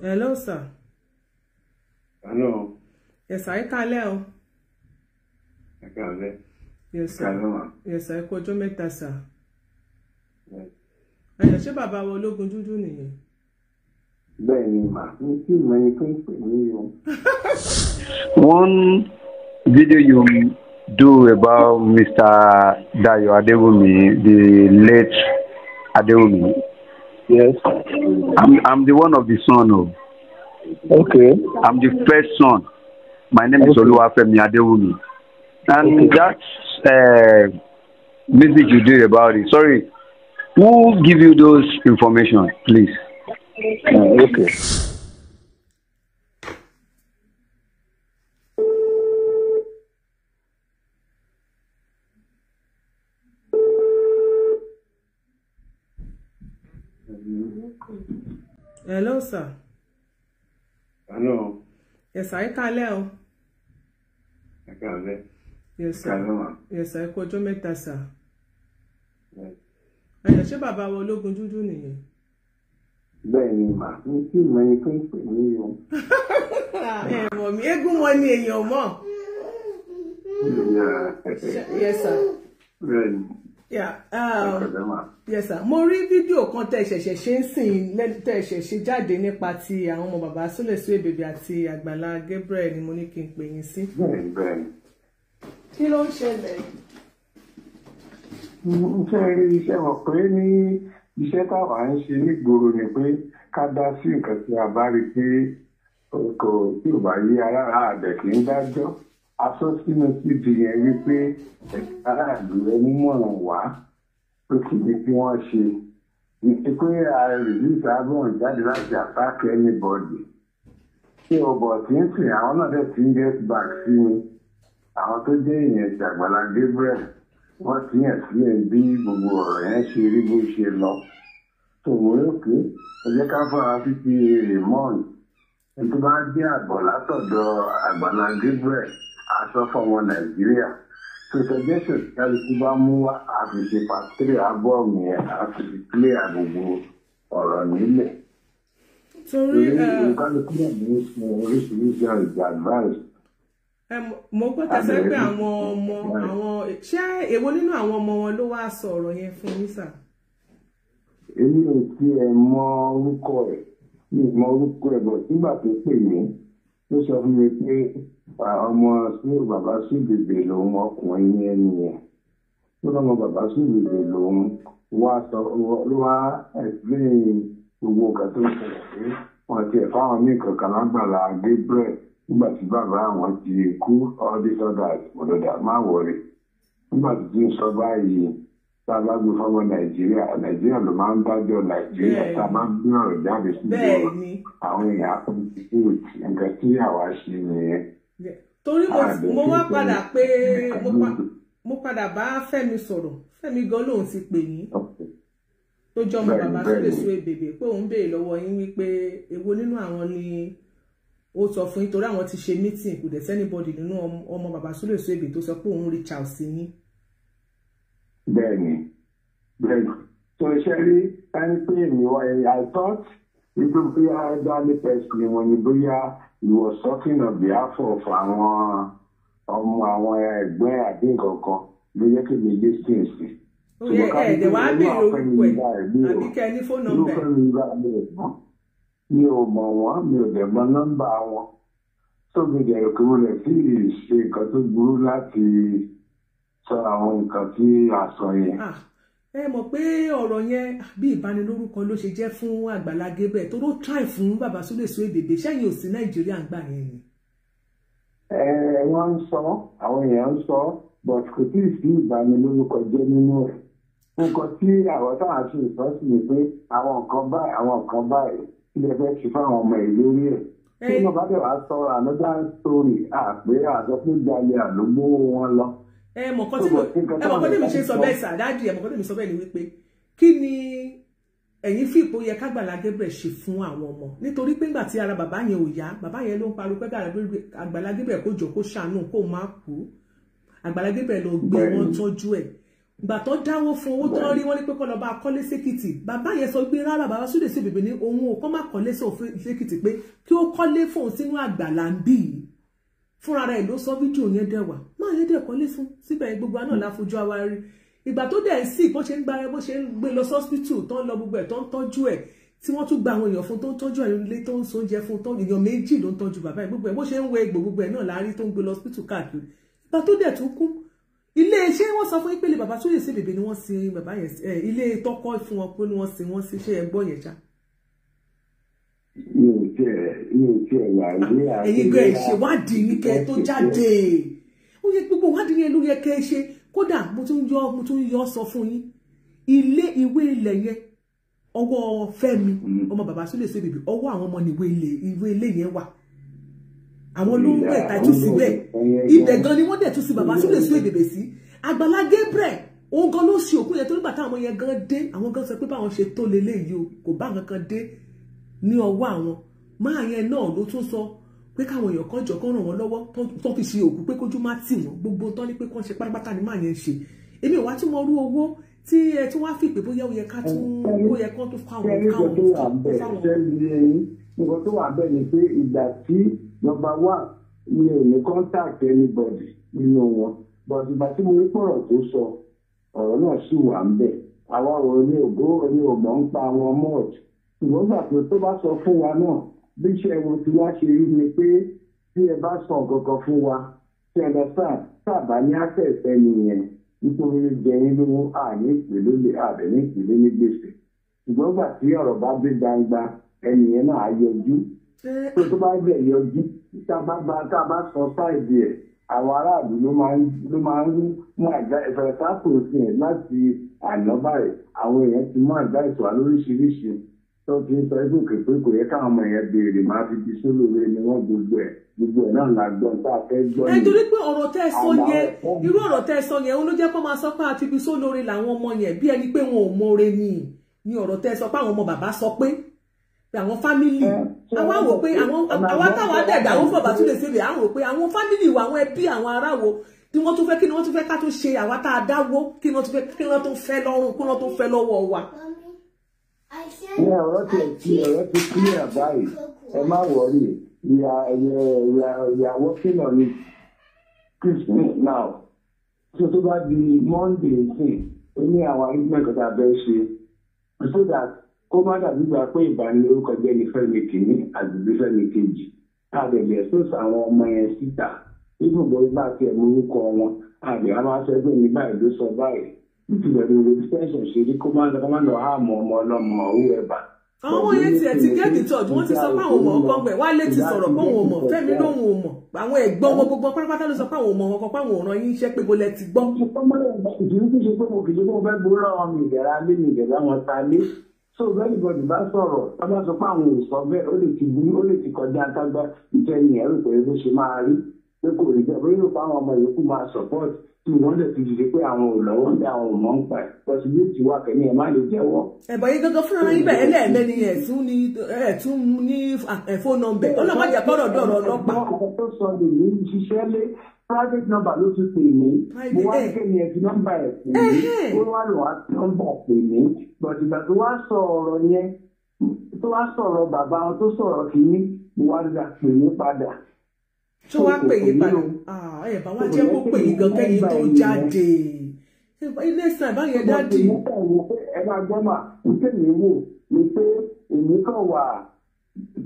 hello sir. hello. ẹ̀sà I kálẹ̀ o. ẹ kálẹ̀. Yes, ẹ̀sà ẹ kú Yes, mẹ́ta sà. ẹ̀yọ̀ ṣé bàbá wa ológun dúdú nìyẹn. bẹ́ẹ̀ ni màá ní kí mo ẹni tó ń pè mí o. one video you do about Mr. Dayo Adewumi, the late Adewumi. Yes. I'm, I'm the one of the son. Of. Oh. Okay. I'm the first son. My name okay. is Oluwafemi Adewumi. And okay. that uh, message you did about it. Sorry. Who give you those information, please? Uh, okay. Hello, sir. Hello. Yes, sir. Ẹ káalẹ́ o. Ẹ káalẹ́. Yes, sir. Ẹ káalẹ́ ma. Yes, sir. Ẹ kú ọjọ́ mẹ́ta, sir. Ẹ̀jẹ̀ ṣé bàbá wa ológun dúdú nìyẹn? Bẹ́ẹ̀ ni màá mi tí mo ẹni tó ń pè mí o. Ẹ mọ̀ mí, eégún wọn Yes, sir. Bẹ́ẹ̀ Um, yes sir mo rí fídíò kan tẹ ṣẹ̀ṣẹ̀ ṣe ń sìn tẹ ṣẹ̀ṣẹ̀ jáde nípa ti àwọn ọmọ bàbá Sule Suebebe àti Àgbàlá Gabriel ni mo ní kí n pè yín sí. kí ló ń ṣẹlẹ̀. mo fẹ́ rí iṣẹ́ wọn pé ní iṣẹ́ táwa ń ṣe nígboro ni pé ká dá sí nǹkan tí a bá rí pé kò tí ò bá yí aráàlú àbẹ̀ kì dájọ́ asọ́sínú ti dìyẹn wípé ẹ̀ka aráàlú ẹni mọ̀ràn wá pé kí ni kí wọ́n ṣe ní pé ààrẹ rìlíìsì agbóhùn jáde láti àtàkì ẹnìbọ̀dì ṣé ọbọ̀ tí ń sìn àwọn náà dẹ̀ ti ń get back sí mi àwọn tó jẹ́ ìyẹn ti Àgbàlá Gabriel wọ́n ti yàn sílẹ̀ bí gbogbo ọ̀rọ̀ yẹn ṣe rí bó ṣe lọ tòun òkè ẹ ká fọ́ra fífi rèmọ́ọ̀nù ẹ tó bá jẹ́ àbọ̀ látọ̀dọ̀ Àgbàlá Gabriel aṣọ fọmọ nàìjíríà sọsẹjẹsùn kálukú bá mú àfìṣe pàtírì abọ́ọ̀mù yẹn àti ìpínlẹ̀ àgbègbè ọ̀rọ̀ nílẹ̀ torí eh, kálukú náà ní oríṣiríṣi ọjà advice eh, mo gbọ́dọ̀ sẹ́ pé àwọn ọmọ àwọn ṣé èwo nínú àwọn ọmọ wọn ló wá sọ ọ̀rọ̀ yẹn fún yín sà. èmi ò tiẹ̀ mọ orúkọ ẹ̀ mi ò mọ orúkọ ẹ̀ bọ̀ nígbà tó pè mí ló sọ fún mi pé ọmọ sùúrù bàbá sùbèbè lòun ọkùnrin yẹn nìyẹn tó lọ́mọ bàbá sùbèbè lòun wá sọ ló wá ẹ̀sìn gbogbo nǹkan tó ṣẹlẹ̀ pé wọ́n ti ẹ̀fọ́ àwọn míì kankan lágbàlá Gabriel nígbà tí bàbá àwọn ti kú all this other òdòdà má wọlé nígbà tí tí ń sọ báyìí tá a bá gbé fọwọ́ nàìjíríà nàìjíríà ló máa ń dájọ́ nàìjíríà tá a máa ń gbé ọ̀rọ̀ jáde síbi àwọn èèyàn àkọsílẹ̀ nǹkan tí àwa ṣe nìyẹn torí mo ah, wá padà pé mo padà bá Fẹ́mi sọ̀rọ̀ Fẹ́mi gan lòun ti pè yín tó jọ ọmọ bàbá tó lè so ebèbè pé òun béèrè lọ́wọ́ yín wípé èwo nínú àwọn ni ó sọ fún yín torí àwọn ti ṣe meeting kò dẹ̀ sẹ́nibọ́dì nínú ọmọ bàbá tó lè so ebè tó sọ pé òun rí charles yín. bẹ́ẹ̀ni bẹ́ẹ̀ni tó ṣe rí ẹni pé èmi wá ẹ i thought wípé bóyá dání pẹ̀sì wọn ni bóyá. you were talking on behalf of àwọn ọmọ àwọn ẹgbẹ́ àdínkàn ló yẹ kí mi lé sí o oyè ẹ ẹ wàá béèrè orúkọ ẹ àbí kẹ ní fóònù nọ́mbà ẹ. mi ò mọ̀ mi ò wọn kí ẹ mọ̀ pé ọ̀rọ̀ yẹn bí ìbanilórúkọ ló ṣe jẹ́ fún Àgbàlá Gabriel tó ló try fún bàbá Sule Suebebe sẹ́yìn ò sí Nàìjíríà ń gbà yẹn ẹ wọ́n ń sọ àwọn èèyàn ń sọ but kò tí ì sí ìbanilórúkọ jẹ́ nínú rẹ̀ nǹkan tí àwọn táwọn ṣe ìfọ́sí ni pé àwọn nǹkan báyìí àwọn nǹkan báyìí ilé ẹgbẹ́ ti fáwọn ọmọ ìlú rí ẹ̀ tí wọ́n bá bẹ̀ wá sọ another story àpé àjọpọ̀ ìgbàlẹ̀ àlógbó wọn lọ ẹ mọ̀ kọ́ tí mo ẹ mọ̀ kọ́ tí mi ṣe sọ bẹ́ẹ̀ sàdáàdì ẹ mọ̀ kọ́ tí mi sọ bẹ́ẹ̀ ni wípé kí ni ẹ̀yin fìpò yẹ kágbàlá Gabriel ṣe fún àwọn ọmọ nítorí pé ńgbà tí ara bàbá yẹn ò yá bàbá yẹn ló ń pariwo pé Àgbàlá Gabriel kó jọ kó ṣàánú kó má kú Àgbàlá Gabriel lọ gbé wọn tọ́jú ẹ̀ gbà tó dáwó fún owó tó rí wọn ní pé kó lọ bá kọ́lé sékìtì bàbá yẹn sọ gbé rárá bàbá Sunday sí bèbè ní òun ò kọ́ má kọ́lé sí òfin sékìtì pé kí ó kọ́lé fóun sínú àgbàlá ń fúnra rẹ̀ ló sọ fídíò yẹn dẹ̀ wá máa yẹn dẹ̀ kọ́lé fún síbẹ̀ gbogbo àná láfojú àwa rí ìgbà tó dẹ̀ sí bó ṣe ń gbára bó ṣe ń gbé lọ sọ́spítù tó ń lọ gbogbo ẹ̀ tó ń tọ́jú ẹ̀ tí wọ́n tún gba àwọn èèyàn fún tó ń tọ́jú ẹ̀ nílé tó ń sóúnjẹ fún tó èèyàn méjì ló ń tọ́jú bàbá ẹ̀ gbogbo ẹ̀ bó ṣe ń wẹ egbò gbogbo ẹ̀ náà láàárín tó ń gbé lọ sọ́spítù káàkiri ìgbà tó dẹ̀ tún kú ilé iṣẹ́ wọ́n sọ fún ìpele bàbá tó lè ṣe bèbè ni wọ́n sin bàbá yẹn ilé tọ́kọ́ fún wọn pé wọ́n sin wọ́n sin ṣé ẹ yẹn ṣáà tiẹ̀ mi ò tiẹ̀ wà ní ah, àgbẹ̀. ẹ̀yin gan ìṣèwádìí ní kẹ́ tó jáde ó yẹ gbogbo ìwádìí yẹn ló yẹ kẹ́ ẹ ṣe kódà mo tún yọ mo tún yọ sọ fún yín ilé ìwé ilẹ̀ yẹn ọwọ́ Fẹ́mi mm. ọmọ bàbá Sule Soyinbo ọwọ́ àwọn ọmọ níwé ilé ìwé ilé yẹn wà àwọn ló ń rẹ̀ tàìtù síbẹ̀ ibẹ̀ gan ni wọ́n dẹ̀ tún sí bàbá Sule Soyinbo sí Àgbàlá Gabriel òun gan ló ṣe òkú yẹn tó nígbà táwọn yẹn gan dé àwọn gan sọ pé báwọn ṣe tó lélẹ́yìí o kò bá nǹkan kan dé ní ọwọ́ àwọn máa yẹn náà ló tún sọ pé káwọn èèyàn kan jọ kán ràn wọ́n lọ́wọ́ tó fi ṣe òkú pé kójú má tì wọ́n gbogbo tán ní pé kán ṣe pátápátá ni máa yẹn ṣe èmi ò wá tí wọ́n rú owó tí ẹ tí wọ́n á fi ìpè bóyá ó yẹ ká tún ó yẹ kán tún fáwọn káwọn tó fáwọn. nǹkan tó wà bẹ́ẹ̀ ni pé ìgbà tí nọ́mbà wà mi ò ní contact anybody nínú wọn but ìgbà tí mo rí pọ̀rọ̀ tó sọ ọ̀rọ̀ náà sì wà ń bẹ̀ àwa ò ní ògbó ní ògbọ́n pa wọn mọ́ọ̀t ṣùgbọ́n gbà tó bá sọ fún wa náà bí iṣẹ́ wọn tí wọ́n ṣe rí ni pé tí ẹ bá sọ kankan fún wa tí ẹ lọ sáà sábà ní àtẹ̀sẹ̀ nìyẹn nítorí jẹ yín lówó àní ìpèlú lè àbẹ̀ ní ìpèlú ní gbèsè ṣùgbọ́n gbà tí ọ̀rọ̀ bá dé gbangba ẹnìyẹn náà á yọjú tó tó bá bẹ̀ yọjú tá a bá gba tá a bá sọ sáìdì ẹ̀ àwọn aráàlú ló máa ń ló máa ń mú àjà sí ẹ̀ láti àná báyìí àwọn èèyàn ti mú àjà ìṣòwò tó fi ń sọ ibú kìpé kò yẹ káwọn ọmọ yẹn béèrè máa fi di sólùwé ni wọn gbogbo ẹ gbogbo ẹ náà la gbọ́ tá a fẹ́ gbọ́ ni. nítorí pé ọ̀rọ̀ tẹ́ ẹ sọ yẹn irú ọ̀rọ̀ tẹ́ ẹ sọ yẹn ó ló jẹ́ kó máa sọ pé àti fi sólóore làwọn ọmọ yẹn bí ẹni pé wọn ò mọre ni ni ọ̀rọ̀ tẹ́ ẹ sọ pé àwọn ọmọ bàbá sọ pé àwọn fámìlì àwa wò pé àwọn táwọn àdàgbà àwọn fọba tún lè ṣèlè àwọn wò pé àwọn fámìlì wa àwọn ẹbí àwọn aráwo tí wọ́n tún fẹ́ kí ni wọ́n tún fẹ́ ká tún ṣe àwa tá a dáwó kí ni wọ́n tún fẹ́ lọ́rùn kí wọ́n tún fẹ́ lọ́wọ́ wa ní ọ̀rọ̀ tí ti ọ̀rọ̀ ti clear báyìí ẹ má wọrí ìyá ẹ̀yẹ ìyá ìyá working on it Christmas now tó tó bá di Monday sí ó ní àwọn arrangement kan tá a bẹ́ẹ̀ ṣe so that kó má dàbí gbà pé ìbánilórúkọ jẹ́ ní fẹ́mi kìíní àdùbí fẹ́mi kejì tá a lè lè sọ́ọ̀sì àwọn ọmọ yẹn síta ibùdó bá tiẹ̀ mú orúkọ wọn àbí a máa ṣẹ́gbẹ́ ní báyìí ló sọ báyìí nítorí ìwé extension ṣe rí kó máa ń lọ àmọ́ ọmọ ọlọ́mọ owó ẹ̀bà. àwọn yẹn tiẹ̀ ti get in touch wọ́n ti sọ pé àwọn ọmọ ọkàn pẹ̀ wálé ti sọ̀rọ̀ pé òun ò mọ̀ fẹ́mi lóun ò mọ̀ àwọn ẹ̀gbọ́n wọn gbogbo pátápátá ló sọ pé àwọn ọmọ ọkàn pé àwọn òun yín iṣẹ́ pé bolẹ̀ ti gbọ́. ìdílé tó ṣe pé mo kìí ṣe pé mo fẹ́ gbóná wọn mi ìdẹ̀ra lé mi ìdẹ̀ra wọn ta lé so everybody bá sọ̀rọ̀ tábà sọ pé àwọn ò sọ bẹ́ẹ̀ ó lè ti burú ó lè ti kọjá tágbá ìtẹ́ni ẹ̀rù pẹ̀lú bó ṣe máa rí pé kò rí wọ́n lè fi yìí pé àwọn ò lọ́wọ́ ní àwọn ò mọ̀ ń pa ẹ̀ pọ̀sí yóò ti wá kẹ́ni ẹ̀ má lè jẹ́wọ́. ẹ̀bọ̀ yìí gángan fúnra yín bẹ́ẹ̀ ẹlẹ́ẹ̀lẹ́ ẹ̀tún ní ẹ̀fọ́ ọlọ́mọdé gbọ́dọ̀ dọ̀rọ̀ ọlọ́pàá. ọkọ̀ tó sọ lè ní ṣiṣẹ́ lé private number ló ti pè mí mo wá ké ní ẹbí nọ́mbà ẹ̀ pè mí ó wá lọ́wọ́ nọ́mbà pè mí bọ̀dì ìgbà tó wá sọ ọ̀rọ̀ yẹn tó wá sọ̀rọ̀ bàbá wọn tó sọ̀rọ̀ kìíní mo wá gbà pè mí padà tó wá pè yí padà ah, ẹ bá wá jẹ́ kó pè yí gan kẹ́yìn tó jáde ilé sàn báyẹn dáàdì. ẹ máa gbọ́ mà ní tèmi wò ni pé èmi kan wà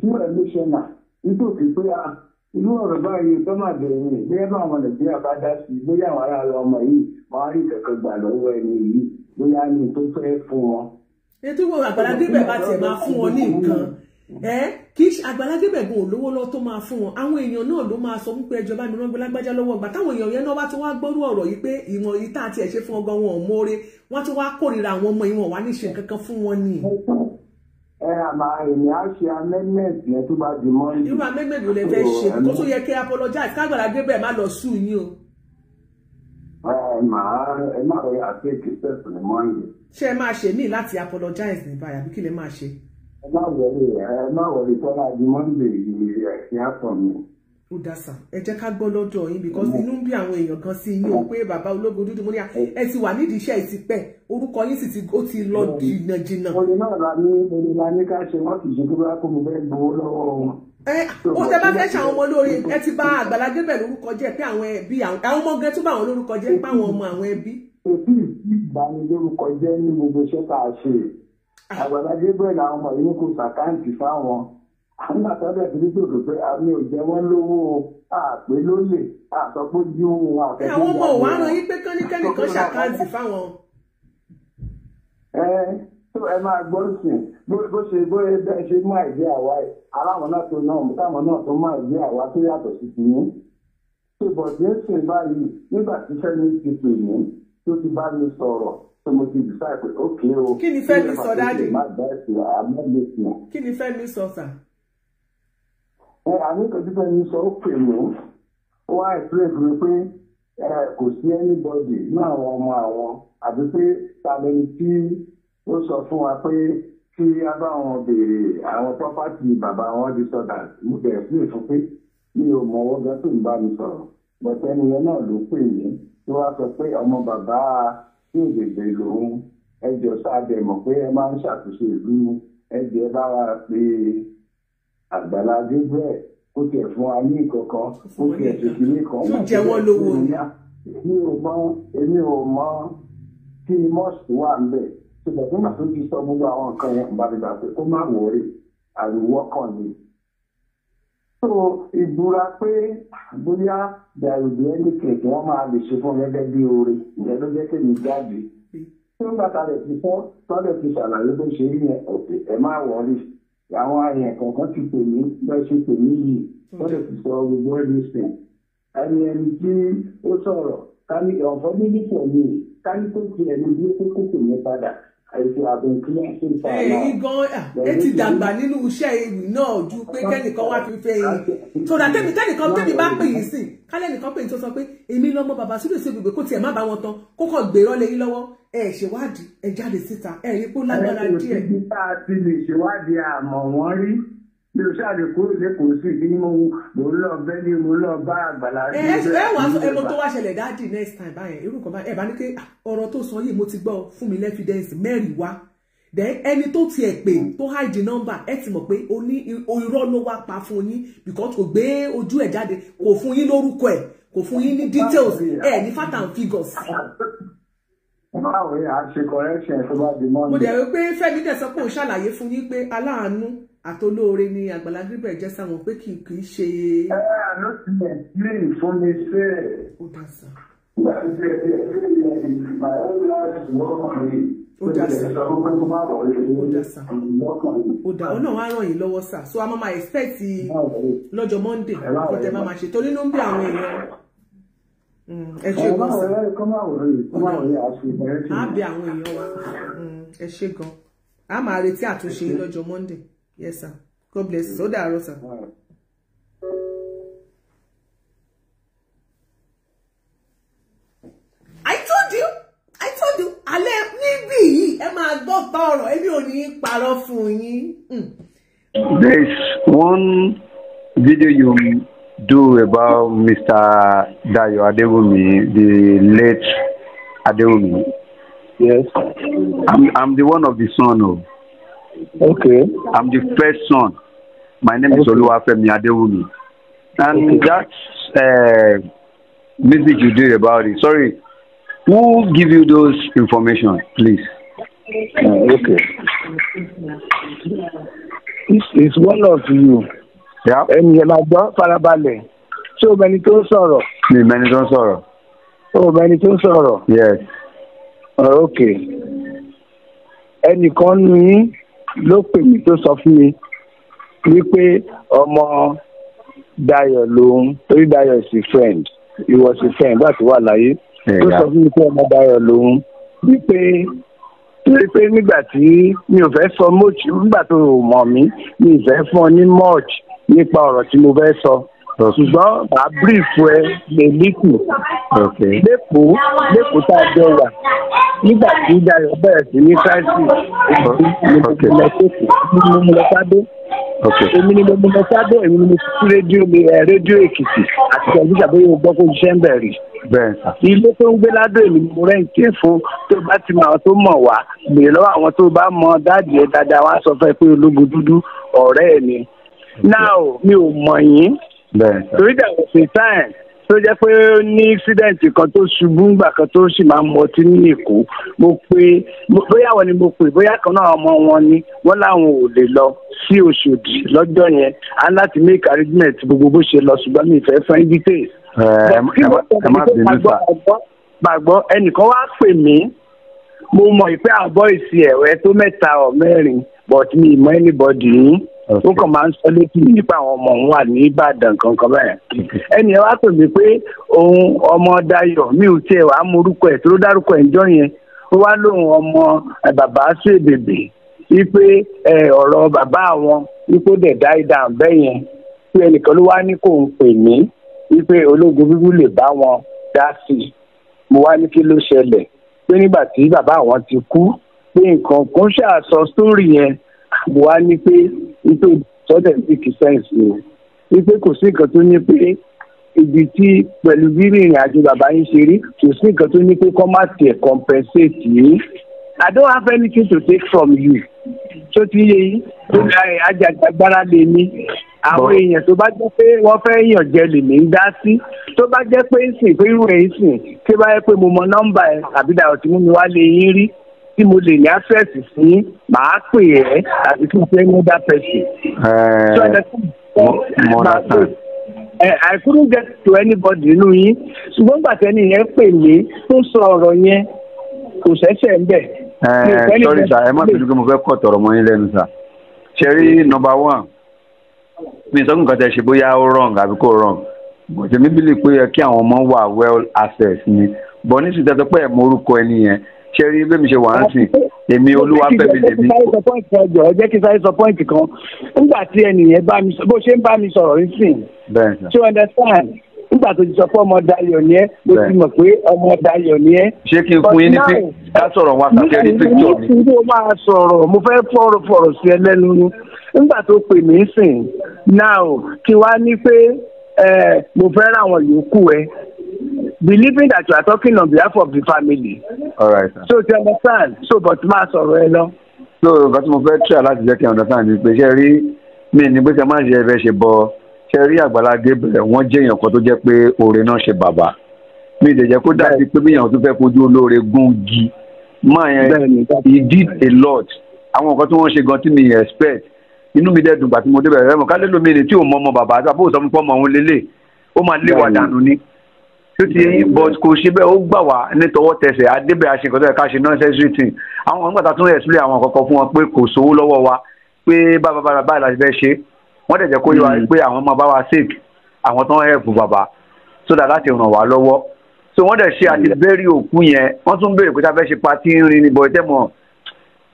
tí ẹ̀ ló ṣe nà nítòsí pé a ah, inú ọ̀rọ̀ báyìí tó máa bẹ̀rẹ̀ ni bóyá bá àwọn nàìjíríà bá dá sí i bóyá àwọn ará ọmọ yìí máa rí ìkẹ̀kẹ̀ gbà lọ́wọ́ ẹni yìí bóyá ní tó fẹ́ fún wọn. ètò àgbàlagbé bẹ̀ bá tiẹ̀ máa fún wọn ní nǹkan ẹ kì í ṣe Agbala Gabriel gan olówó lọ tó máa fún wọn àwọn èèyàn náà ló máa sọ wípé ẹjọ́ bá mi rán gbẹlágbájá lọ́wọ́ ọgbà táwọn èèyàn yẹn náà wá tí wọ́n á gbọ́rú ọ̀rọ̀ yìí pé ìmọ̀ yìí tá àti ẹ̀ ṣe fún ọgọ́ wọn ò mórè wọ́n tún wá kórìíra àwọn ọmọ yìí wọn wá níṣe kankan fún wọn ni. ẹ àmà èmi á ṣe amendment yẹn tó bá di mọ́ yìí. irú amendment yóò lè fẹ́ ṣe kó tó yẹ kí apologize k'Agbala Gabriel ẹ má wọlé ẹ má wọlé tọ́lá di mọ́ndé ẹ̀sìn àtọ̀ mi. ó dá sà ẹ jẹ́ ká gbọ́ lọ́dọ̀ yín because inú ń bí àwọn èèyàn kan sí yín o pé bàbá ológun dúdú múlíà ẹ ti wà nídìí iṣẹ́ ẹ ti pẹ́ orúkọ yín sì ó ti lọ jìnnà jìnnà. olè náà la ní olè la ní ká ṣe wọ́n kì í ṣe kí wọ́n kó mi bẹ́ẹ̀ gbowó lọ́wọ́ wọn o tẹ bá fẹ́ ṣe àwọn ọmọ lórí ẹ ti bá Àgbàlá Gabriel lórúkọ jẹ́ pé àwọn ẹbí àwọn ọmọ gan tún bá àwọn lórúkọ jẹ́ pé àwọn ọmọ àwọn ẹbí. òbí ìgbàlè lórúkọ jẹ́ ní gbogbo iṣẹ́ tá a ṣe àgbàdo Gabriel àwọn ọmọ yìí kò sàkáǹtì fáwọn àwọn àtàbẹ̀ tó ní tòdò pé àmì ò jẹ́ wọ́n lówó àpé lólè àsọpọ̀ jí ohun àkẹ́kọ̀ọ́. àwọn ọmọ òwà rán yín pé kánníkánní kan sàkáǹtì fáwọn. ẹ ẹ máa gbọ́ sìn bó ṣe bó ṣe mú àìjẹ́ àwa ẹ̀ náà tó náà táwọn náà tó mú àìjẹ́ àwa tó yàtọ̀ sí ti yín. ṣùgbọ́n sìn báyìí nígbà tí fẹ́mi ti pè mí tó ti bá mi sọ̀rọ̀ so mo ti decide pé ókè o kí ni Fẹ́mi sọ dáàdì kí ni Fẹ́mi sọ sà. ẹ àwọn ìkọjú Fẹ́mi sọ ó pè mí ó wá ìpínlẹ̀ fún mi pé kò sí anybody ní àwọn ọmọ àwọn àbí pé tàbẹ́ni tí ó sọ fún wa pé kí a bá wọn béèrè àwọn pọ́pátì bàbá wọn di sọ̀dà mo bẹ̀rẹ̀ sí ìfún pé mi ò mọ ọwọ́ gan tó ń bá mi sọ̀rọ̀ bọ̀tẹ́ni yẹn náà ló pè mí tí wọ́n á sọ pé ọmọ bàbá tí ò lè lè lòun ẹjọ́ sáàdẹ mọ̀ pé ẹ máa ń ṣàtúnṣe ìlú ẹjẹ bá wa pé Àgbàlá Gabriel kó tiẹ̀ fún wa ní ìkọ̀kan kó tiẹ̀ ṣe kínní kan wọ́n jẹ́ wọ́n mi ò mọ èmi ò mọ kí mọ́ọ̀sì wà ń bẹ̀ ṣùgbọ́n nígbà tó ti sọ gbogbo àwọn nǹkan yẹn ń bá kó má wọrí àrùwọ́ kàn ni so ìbúra pé bóyá dàrúdì ẹnìkẹ̀ tí wọ́n máa lè ṣe fún gẹ́gẹ́ bí oore ìyẹn ló jẹ́ tèmi jáde tí wọ́n bàtà rẹ̀ ti fọ́ tọ́lẹ̀ ti ṣàlàyé bó ṣe rí yẹn ọ̀tẹ̀ ẹ̀ má wọ̀ọ́rì àwọn àyàn kọ̀ọ̀kan ti pè mí bẹ́ẹ̀ ṣe pè mí yìí tọ́lẹ̀ ti sọ gbogbo ẹ̀rí sìn ẹni ẹni tí ó sọ̀rọ̀ káníkẹ́ ọ̀fọ́ nílùú pọ̀ mí káníkó tiẹ̀ ní bí ó kókó pè mí padà èyí gan ah, ẹ ti dàgbà nínú iṣẹ́ ewì náà ju pé kẹ́nìkan wá fi fẹ́ yín tòdà tẹ́mi tẹ́nìkan tẹ́mi bá pè yín sí kálẹ̀ nìkan pè yín tó sọ pé èmi lọ́mọ bàbá sílẹ̀ sí ibùgbé kó tiẹ̀ má bá wọn tán kó kàn gbèrọ́ lé yín lọ́wọ́ ẹ ṣèwádìí ẹ jáde síta ẹ rí pé ó lágbára díẹ̀. ẹ kò a ti lè ṣèwádìí àmọ́ wọ́n rí mi ò ṣáà lè kúrò lẹ́kọ̀ọ́ sí ìdí ni mo mò ń lọ bẹ́lí mo ń lọ bá àgbàlá. ẹ ẹ wàá sọ ẹmọ tó wá ṣẹlẹ̀ dáàdì next time báyẹn irú kan báyẹn ẹ bá ní pé ah, ọ̀rọ̀ tó sọ yìí mo ti gbọ́ fún mi lẹ́fídẹ́ǹsì mẹ́rin wá then ẹni tó tiẹ̀ pè tó hide number ẹ ti mọ̀ pé o ní irọ́ ló wá pa fún yín because kò gbé ojú ẹ̀ jáde kò fún yín lórúkọ ẹ̀ kò fún yín ní details ẹ̀ ní fact and figures báwo ni a ṣe correction tó bá di mọ́ ni. mo dẹ̀ wí pé Fẹ́mi dẹ̀ sọ pé òun ṣàlàyé fún yín pé aláàánú àtolóore ni Àgbàlá Gabriel jẹ́ sáwọn pé kì í ṣe. ẹ ẹ ló ti lè gbé ìfúnni sí ẹ. ó dà sá. ó dà sá ó dà sá ó dà ó náà wá ràn yín lọ́wọ́ sá so a máa máa expect lọ́jọ́ Monday kó tẹ máa máa ṣe torí ló ń bí àwọn èèyàn mm, ẹ ṣe gan sá á bẹ àwọn èèyàn wa mm, ẹ ṣe gan a máa retí àtúnṣe lọ́jọ́ Monday yes sir god bless you ó dàárọ̀ sir. i told you i told you alẹ́ níbí yìí ẹ máa gbọ́ pa ọ̀rọ̀ èmi ò ní í parọ́ hmm. one video you do about mr Dayo Adewumi the late Adewumi. yes. i'm i'm the one of the son o. Okay. I'm the first son. My name okay. is Oluwafemi Adewumi. And okay. that uh, message you did about it. Sorry, who give you those information, please? Uh, okay. This is one of you. Yeah. And máa gbọ́ farabalẹ̀. Ṣé o mẹni tó ń sọ̀rọ̀? Mi mẹni tó ń sọ̀rọ̀. O mẹni Yes. Uh, okay. you call me ló pè mí tó sọ fún mi wípé ọmọ Dayọ̀ lòun torí Dayọ̀ is a friend he was a friend láti wà láyé tó sọ fún mi pé ọmọ Dayọ̀ lòun wípé torí pé nígbà tí mi ò fẹ́ sọ much nígbà tó mọ̀ mí mi ì fẹ́ fún ọ ní much nípa ọ̀rọ̀ tí mo fẹ́ sọ. So ṣùgbọ́n màá brief ẹ lèlíkù lẹ́kọ̀ọ́ lẹ́kọ̀ọ́ tá a jọ wà nígbà tí Dayọ̀ bẹ̀rẹ̀ sí ní káìsì èmi ni mo lọ sókè èmi ni mo lọ sábẹ́ èmi ni mo lọ sábẹ́ èmi ni mo sí rédíò mi ẹ rédíò Èkìtì àti tẹlifíṣà bóyá o gbọ́ kó iṣẹ́ ń bẹ̀rẹ̀ ilé tó ń gbé ládùn èmi ni mo rẹ́ǹtì fún tó bá ti mọ àwọn tó mọ̀ wá gbèrè lọ́wọ́ àwọn tó bá mọ dáàdì ẹ̀ dáadáa wá sọ fún ẹ pé ológun dúdú ọ̀rẹ́ ẹ̀ ni náà mi ò mọ̀ yín torí dàgbà sí táyà tó jẹ́ pé ó ní sídẹ̀ǹtì kan tó ṣubú ńgbà kan tó sì máa ń mọtí ní èkó mo pe bóyá wọn ni mo pè bóyá kan náà ọmọ wọn ni wọn láwọn ò lè lọ sí Òṣòdì lọ́jọ́ yẹn á láti make arrangement gbogbo bó ṣe lọ ṣùgbọ́n mi ìfẹ́ fún details. ẹ má bínú sá. gbàgbọ́ ẹnìkan wá pè mí mo mọ̀ ìpẹ́ àbọ̀ ìsì ẹ̀wẹ́ tó mẹ́ta ọ̀ mẹ́rin but mi ì mọ anybody yín ó kàn máa ń sọ létí nípa àwọn ọmọ òun wà ní ìbàdàn kankan báyẹn ẹnì yẹn wá pè mí pé òun ọmọ dayọ̀ mi ò tiẹ̀ wàá morúkọ ẹ̀ tó ló dárúkọ ẹ̀ ńjọ́ yẹn ó wá lóun ọmọ bàbá sùn èbèbè wípé ọ̀rọ̀ bàbá àwọn wípé dẹ̀ dá ìdá àbẹ́ yẹn pé ẹnìkan ló wá ní kò ń pè mí wípé ológun bíbú lè bá wọn dá sí i mo wá ní kí ló ṣẹlẹ̀ pé nígbà tí bàbá àwọn ti kú pé nǹkan kan ṣàṣọ sórí yẹn mo wá ní pé wípé sọ́dẹ̀ bí kìsẹ́ǹsì o wípé kò sí nǹkan tó ní pé ibi tí pẹ̀lú bí ìrìn bàbá yín ṣe rí kò sí nǹkan tó ní pé kọ́ má tiẹ̀ compensate yìí I don't have anything to take from you tó ti yé yín tó ní ajàgbára lè ní àwọn èèyàn tó bá jẹ́ pé wọ́n fẹ́ yàn jẹ lè ní dá sí tó bá jẹ́ pé ń sìn pé irú ẹ̀ ń sìn tí bá yẹ pé mo mọ nọ́mbà ẹ̀ àbí dàrọ̀ tí mú mi wá lè yín rí tí mo lè ní access sí màá pè ẹ́ tàbí kí n ní that person. Uh, I couldn't get to anybody nínú yín ṣùgbọ́n gbàtẹ́ nìyẹn pè mí tó sọ ọ̀rọ̀ yẹn kò ṣẹ̀ṣẹ̀ ń bẹ̀. Eh, sorry sir ẹ má bínú pé mo fẹ́ kọ́ tọ̀rọ̀ mọ́ yín lẹ́nu sir. ṣẹ́rí number one mi sọ nǹkan tẹ ṣe bóyá ó wrong àbí kò wrong bó ṣe mi believe pé kí àwọn ọmọ wà well access ni bọ́ ní ṣùgbọ́n tẹ́tọ́ pé ẹ̀ mọ orúkọ ẹni yẹn ṣe rí bí mi ṣe wà ń sìn èmi olúwafẹ́mi lèmi. ẹ jẹ́ kí sáré sọ pọ́ìntì kan nígbà tí ẹnìyẹn bá mi bó ṣe ń bá mi sọ̀rọ̀ ń sìn ṣé o understand nígbà tó ti sọ pé ọmọ dayọ̀ ni ẹ́ mo ti mọ̀ pé ọmọ dayọ̀ ni ẹ́. ṣé kí n fún yín ní pé ká sọ̀rọ̀ wá sàkẹ́ rí píktọ̀ mi. nígbà tí mo máa sọ̀rọ̀ mo fẹ́ fọ̀rọ̀ fọ̀rọ̀ sí ẹ lẹ́nu nígbà tó pè mí sìn náà kí wàá ní pé eh, mo fẹ́ ra àwọn yòókù ẹ believing that you are talking on behalf of the family. all right sir. so you understand so but máa sọ̀rọ̀ ẹ lọ. so but mo fẹ́ tíra láti jẹ́ kí n understand ni pé ṣe rí mi ní pé ṣe máa ṣe ẹbẹ̀ ṣe bọ ṣe rí Àgbàlá Gabriel wọ́n jẹ́ èèyàn kan tó jẹ́ pé oore náà ṣe bàbá mi ìdẹ̀jẹ̀ kó dàbí pé bíyàn tó fẹ́ kojú olóore gún gi máa yẹn he did a lot àwọn nǹkan tí wọ́n ṣe gan tí mi expect inú mi dẹ̀ dùn gbà tí mo débẹ̀ rẹ̀ mọ̀ ká lè lómi ni tí ò mọ ọmọ bàbá àti àbúrò sọ fún pọ́ ọmọ òun lélẹ̀ ó máa léwà dànù ni tó ti yẹn but kò ṣe bẹ́ẹ̀ ó gbà wá nítọwọ́ tẹsẹ̀ adébẹ̀ àṣekọ̀tọ̀ ẹ̀ka ṣe nọ́ọ̀sẹ̀sì tì àwọn nígbà tá a tún yẹ sílẹ̀ àwọn kọ̀ọ̀kan fún wọn pé kò sówó lọ́wọ́ wa pé bàbá bàbá báyìí láti fẹ́ ṣe wọ́n dẹ̀ jẹ́ kó yọ hmm. pé àwọn máa bá wa save àwọn tó ń help bàbá so that láti ràn wá lọ́wọ́ so wọ́n dẹ̀ ṣe àti hmm. bẹ́rí òkú yẹn wọ́n tún béèrè pé tá a fẹ́ ṣe patí rin ni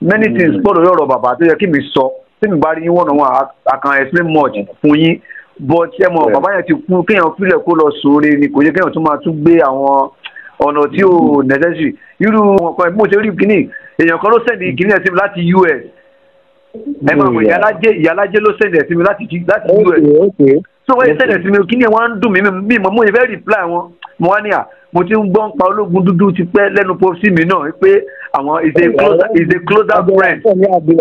many hmm. things pọ̀ lórí ọ̀rọ̀ bàbá tó yẹ kí mi sọ tí mi bá rí yín wọ̀nà wọn I can but ṣe mọ bàbá yẹn ti kú kéèyàn fílẹ̀ kó lọ sóore ni kò yẹ kéèyàn tún máa tún gbé àwọn ọ̀nà tí ò mm-hmm. necessary irú ọ̀kan ẹ̀ bí mo kínní èèyàn kan ló sẹ̀ndì kínní ẹ̀ láti US ẹ máa mọ̀ ìyálájẹ́ mm-hmm. ìyálájẹ́ ló sẹ̀ndì ẹ̀ sí láti US so wọ́n yẹ sẹ̀ndì ẹ̀ sí mi kínní ẹ̀ wọ́n á ń dùn mí mi mọ̀ mo yẹ fẹ́ reply wọn mo wá ní mo ti ń gbọ́ pa ológun dúdú ti pẹ́ lẹ́nu pọ́sí mi náà pé àwọn is a closer is a closer friend.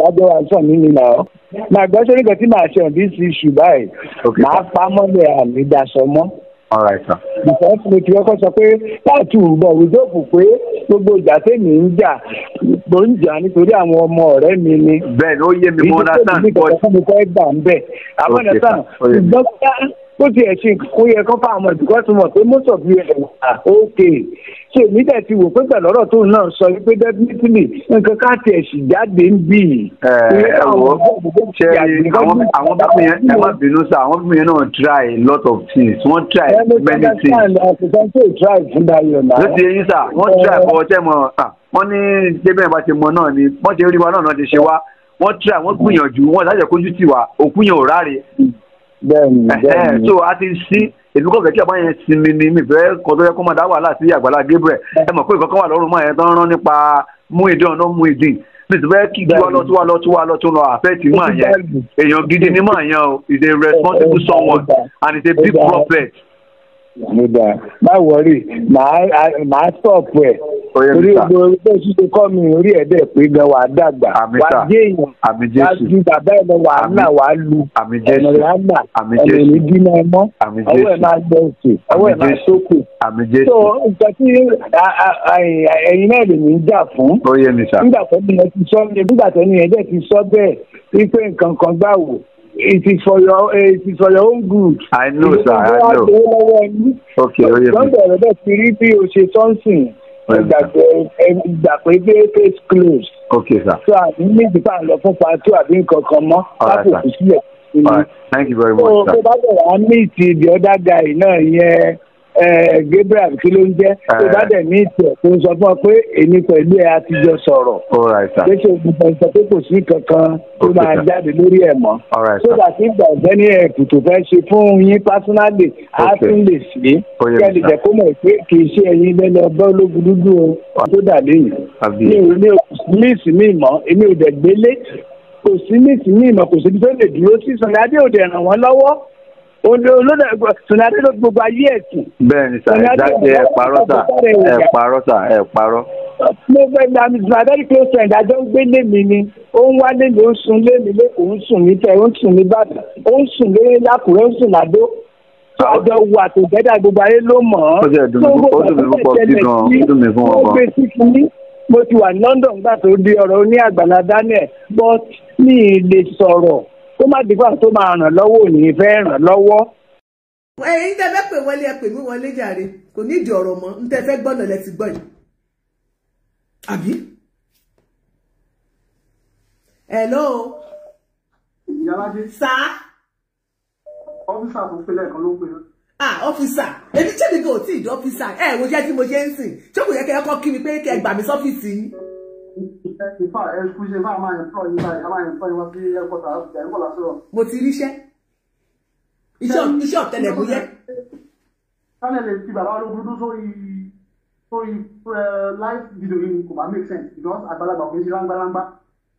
àjọwà sàn mí ni náà màá gbọ́ sórí nǹkan tí màá ṣe ọ̀dí sí iṣu báyìí màá pa mọ́lẹ̀ àmì ìdásọ mọ́. because mo ti kọ́kọ́ sọ pé láti ìrùbọ̀ rúdòfù pé gbogbo ìjà tèmi ń jà mo ń jà nítorí àwọn ọmọ ọ̀rẹ́ mi ni. bẹ́ẹ̀ni ó yé mi mo understand. ìdíkọ̀ mi kọ́kọ́ mi fẹ́ gbà ń bẹ̀. àwọn sàn ṣùgbọ́n bó tiẹ̀ ṣe kó yẹ kán fáwọn ọmọ ìdúgbò tó mọ̀ pé most of you ẹ̀ wà ókè ṣe èmi dẹ̀ ti wò pé pẹ̀lú ọ̀rọ̀ tóun náà sọ wípé definitely nǹkan ká tiẹ̀ sì jáde ń bì í. ẹ ẹ wọ ṣe àwọn bíbí yẹn ẹ má bínú sá àwọn bíbí yẹn náà try a lot of things wọ́n try many things. ló ti yẹ yín sá wọ́n try for ọtẹ́ mọ́ wọ́n ní débẹ̀ bá ti mọ náà ni wọ́n ti rí wa náà náà ti ṣe wá wọ́n try wọ́n gbìyànjú wọ́n lájẹ̀kójú tiwa òkú bẹ́ẹ̀ni bẹ́ẹ̀ni so a ti sí èmi kò fẹ́ kí ọmọ yẹn sinmi ni mi fẹ́ kọ tó yẹ kó máa dá wàhálà sí Àgbàlá Gabriel ẹ mọ̀ pé nǹkan kan wà lọ́rùn mọ́ yẹn tó ń rán nípa Muyideen ọ̀nà Muyideen mi sì fẹ́ kí tiwa lọ tiwa lọ tiwa lọ tó lọ àfẹ́tì mọ̀ yẹn èèyàn gidi ni mọ̀ yẹn o is a responsible someone and is a big prophet ló dáa báwo rí màá stọọpù ẹ orí gbogbo orí tó ṣíṣe kọ́ mi orí ẹ̀ dẹ̀ pé gan wàá dàgbà ah, wàá jẹ́ èèyàn wàá ju bàbá ẹ̀ lọ wàá nà wàá lu ọ̀nà wàá nà ọ̀nà èmi dínà ẹ mọ́ ọwọ́ ẹ̀ máa gbẹ òkè ọwọ́ ẹ̀ máa sókè so nǹkan tí ẹ̀yin náà lè ní jà fún nígbà tó ní ẹ ti sọ bẹ́ẹ̀ wípé nǹkan kan gbà wò it is for your it is for your own good. I know sir I know. okay oye mi. lọ́dọ̀ rẹ̀ bẹ́ẹ̀ ti rí bí o ṣe sọ́nsìn ìgbà pé pé case closed. okay sir. so I àbí méjì bá lọ fún pàtó àbí nǹkan kan mọ́ lápò kù sílẹ̀. thank you very much sir. so bó bá bẹ̀rẹ̀ á meet the other guy náà yẹn. Eh, Gabriel kí ló ń jẹ́ eh. tó bá dẹ̀ ní ìtẹ̀ tó ń sọ fún ọ pé èmi pẹ̀lú ẹ àtijọ́ sọ̀rọ̀ kéṣe òkùnkùn sọ pé kò sí kankan tó máa jáde lórí ẹ̀ mọ́ tó bá sí ìgbà ọ̀gbẹ́ni ẹ̀kú tó fẹ́ ṣe fún yín pásínálì á tún lè sí kẹ́lẹ̀ jẹ́ kó mọ̀ pé kì í ṣe ẹ̀yin lẹ́nu ọgbẹ́ ológun dúdú o tó dà lẹ́yìn mi ò ní ìsinmi mọ́ èmi ò dẹ̀ gbélé kò sí ní ìsinmi mọ́ kò síbi tó lè dúró sí olódà sùnàdé gbogbo ayé ẹ̀ sùn. bẹ́ẹ̀ni sà ẹ jáde ẹ parọ́ sà ẹ parọ́ sà ẹ parọ́. mo fẹ́ ni ó ń wá sun lé ń sùn tẹ ó ń sùn ó ń sùn lé lákùrẹ́ ó gbogbo ayé ló mọ̀ ọ́. ó dùn mí sí mo ti wà London gbà tó di oní Daniel but mi kó má dìgbà tó máa ràn lọ́wọ́ ò ní fẹ́ ràn lọ́wọ́. ẹ̀yin tẹ́ fẹ́ pè wọlé ẹ pè mí wọlé jàre kò ní ìdí ọ̀rọ̀ mọ́ ntẹ́ fẹ́ gbọ́nà lẹ ti gbọ́ yìí àbí. hello. ìyálàjẹ. sá. ọ́fíìsà tó pélé ẹ̀kan ló pè ah ọ́fíìsà èmi jẹ́bi gan ò tí ì di ọ́fíìsà ẹ̀ wo jẹ́ tí mo ṣe ń sìn ṣé kò yẹ kẹ́ ẹ kọ́ kí mi pé kẹ́ gbà mí sọ́fíìsì yín mo ti ríṣẹ́ iṣẹ́ ọ̀tẹlẹ̀ kò yẹ. sálẹ̀ lè ti bàbá ológun dún sórí sórí live video yìí kò bá make sense because àgbàlagbà kò ní ṣe láńgbáláńgbá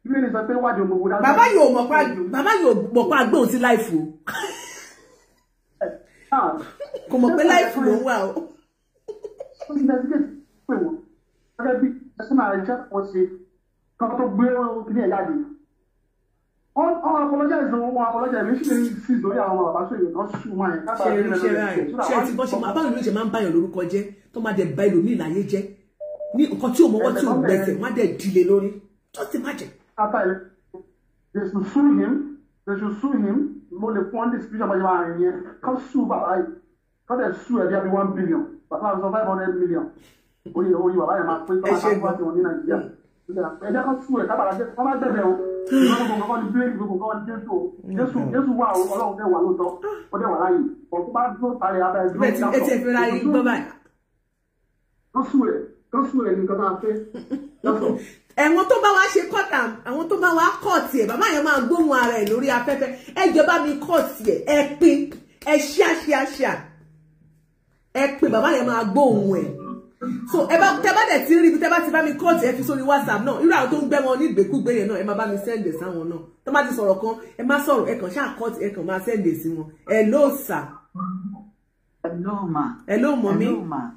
ilé ní sọ pé wájú gbogbo dájú. bàbá yóò mọ̀ pa bàbá yóò mọ̀ pa gbóhùn sí láìfù o kò mọ̀ pé láìfù ló ń wà o sínú àwọn iṣẹ́ tó ṣe kan tó gbé kíní ẹ̀ jáde ọmọ apologize o wọn apologize mi ṣe sí lórí àwọn bàbá sóyè tó sùn wọn yẹn. ṣe rí ṣe rà ẹ ṣe ti bọ́ ṣe máa báwo ló ṣe máa ń báyọ̀ lórúkọ jẹ́ tó máa dẹ̀ bá ẹlòmíì láyé jẹ́ ní nǹkan tí òmọwọ́ tí òun gbẹ̀sẹ̀ wọ́n á dẹ̀ dìlé lórí just imagine. after they should sue him they should sue him mo lè fún ọ́n dé spiritual bàjẹ́ máa rìn yẹn kọ́ sue bàbá yìí kọ́ dẹ̀ sue ẹ̀ bí one billion bàbá sọ five hundred million orí orí bàbá yẹn máa pín tọ́ba ká fún àti wọn ní nàìjíríà ẹjẹ kan tú rẹ kábàlà jẹ kọ́ bá dẹ̀bẹ̀ o ìgbàlódé kọ́kọ́ ni bíléèdì gbogbo kọ́kọ́ ni jésù jésù jésù wà ọlọ́run dẹ̀ wà lóòótọ́ ó dẹ̀ wà láàyè ọ̀tún bá dúró tààrẹ abẹ́ dúró dàpọ̀ ètò ìfira yìí gbọ́ báyìí. kan sú rẹ kan sú rẹ nìkan máa fẹ́ lọ́sọ̀. ẹ̀wọ̀n tó bá wá ṣe kọ́tà àwọn tó bá wá kọ́ọ̀tì ẹ̀ bàbá yẹn máa gbóhùn ara ẹ̀ lórí afẹ́fẹ́ ẹ jọba mi kọ́ọ̀tì ẹ̀ ẹ pín ẹ ṣíàṣíàṣíà ẹ pín bàbá yẹn máa gbóhùn ẹ̀ so ẹ bá tẹ bá dẹ̀ ti rí ibi tẹ bá ti bá mi kọ́ọ̀tì ẹ fi sórí whatsapp náà irú àwọn tó ń gbẹ́ wọn ní ìgbékúgbé yẹn náà ẹ máa bá mi sẹ́ǹdẹ̀ sáwọn náà tó bá ti sọ̀rọ̀ kan ẹ má sọ̀rọ̀ ẹ kàn ṣáà kọ́ọ̀tì ẹ kàn máa sẹ́ǹdẹ̀ sí wọn hello sir. hello ma. hello mọ̀mí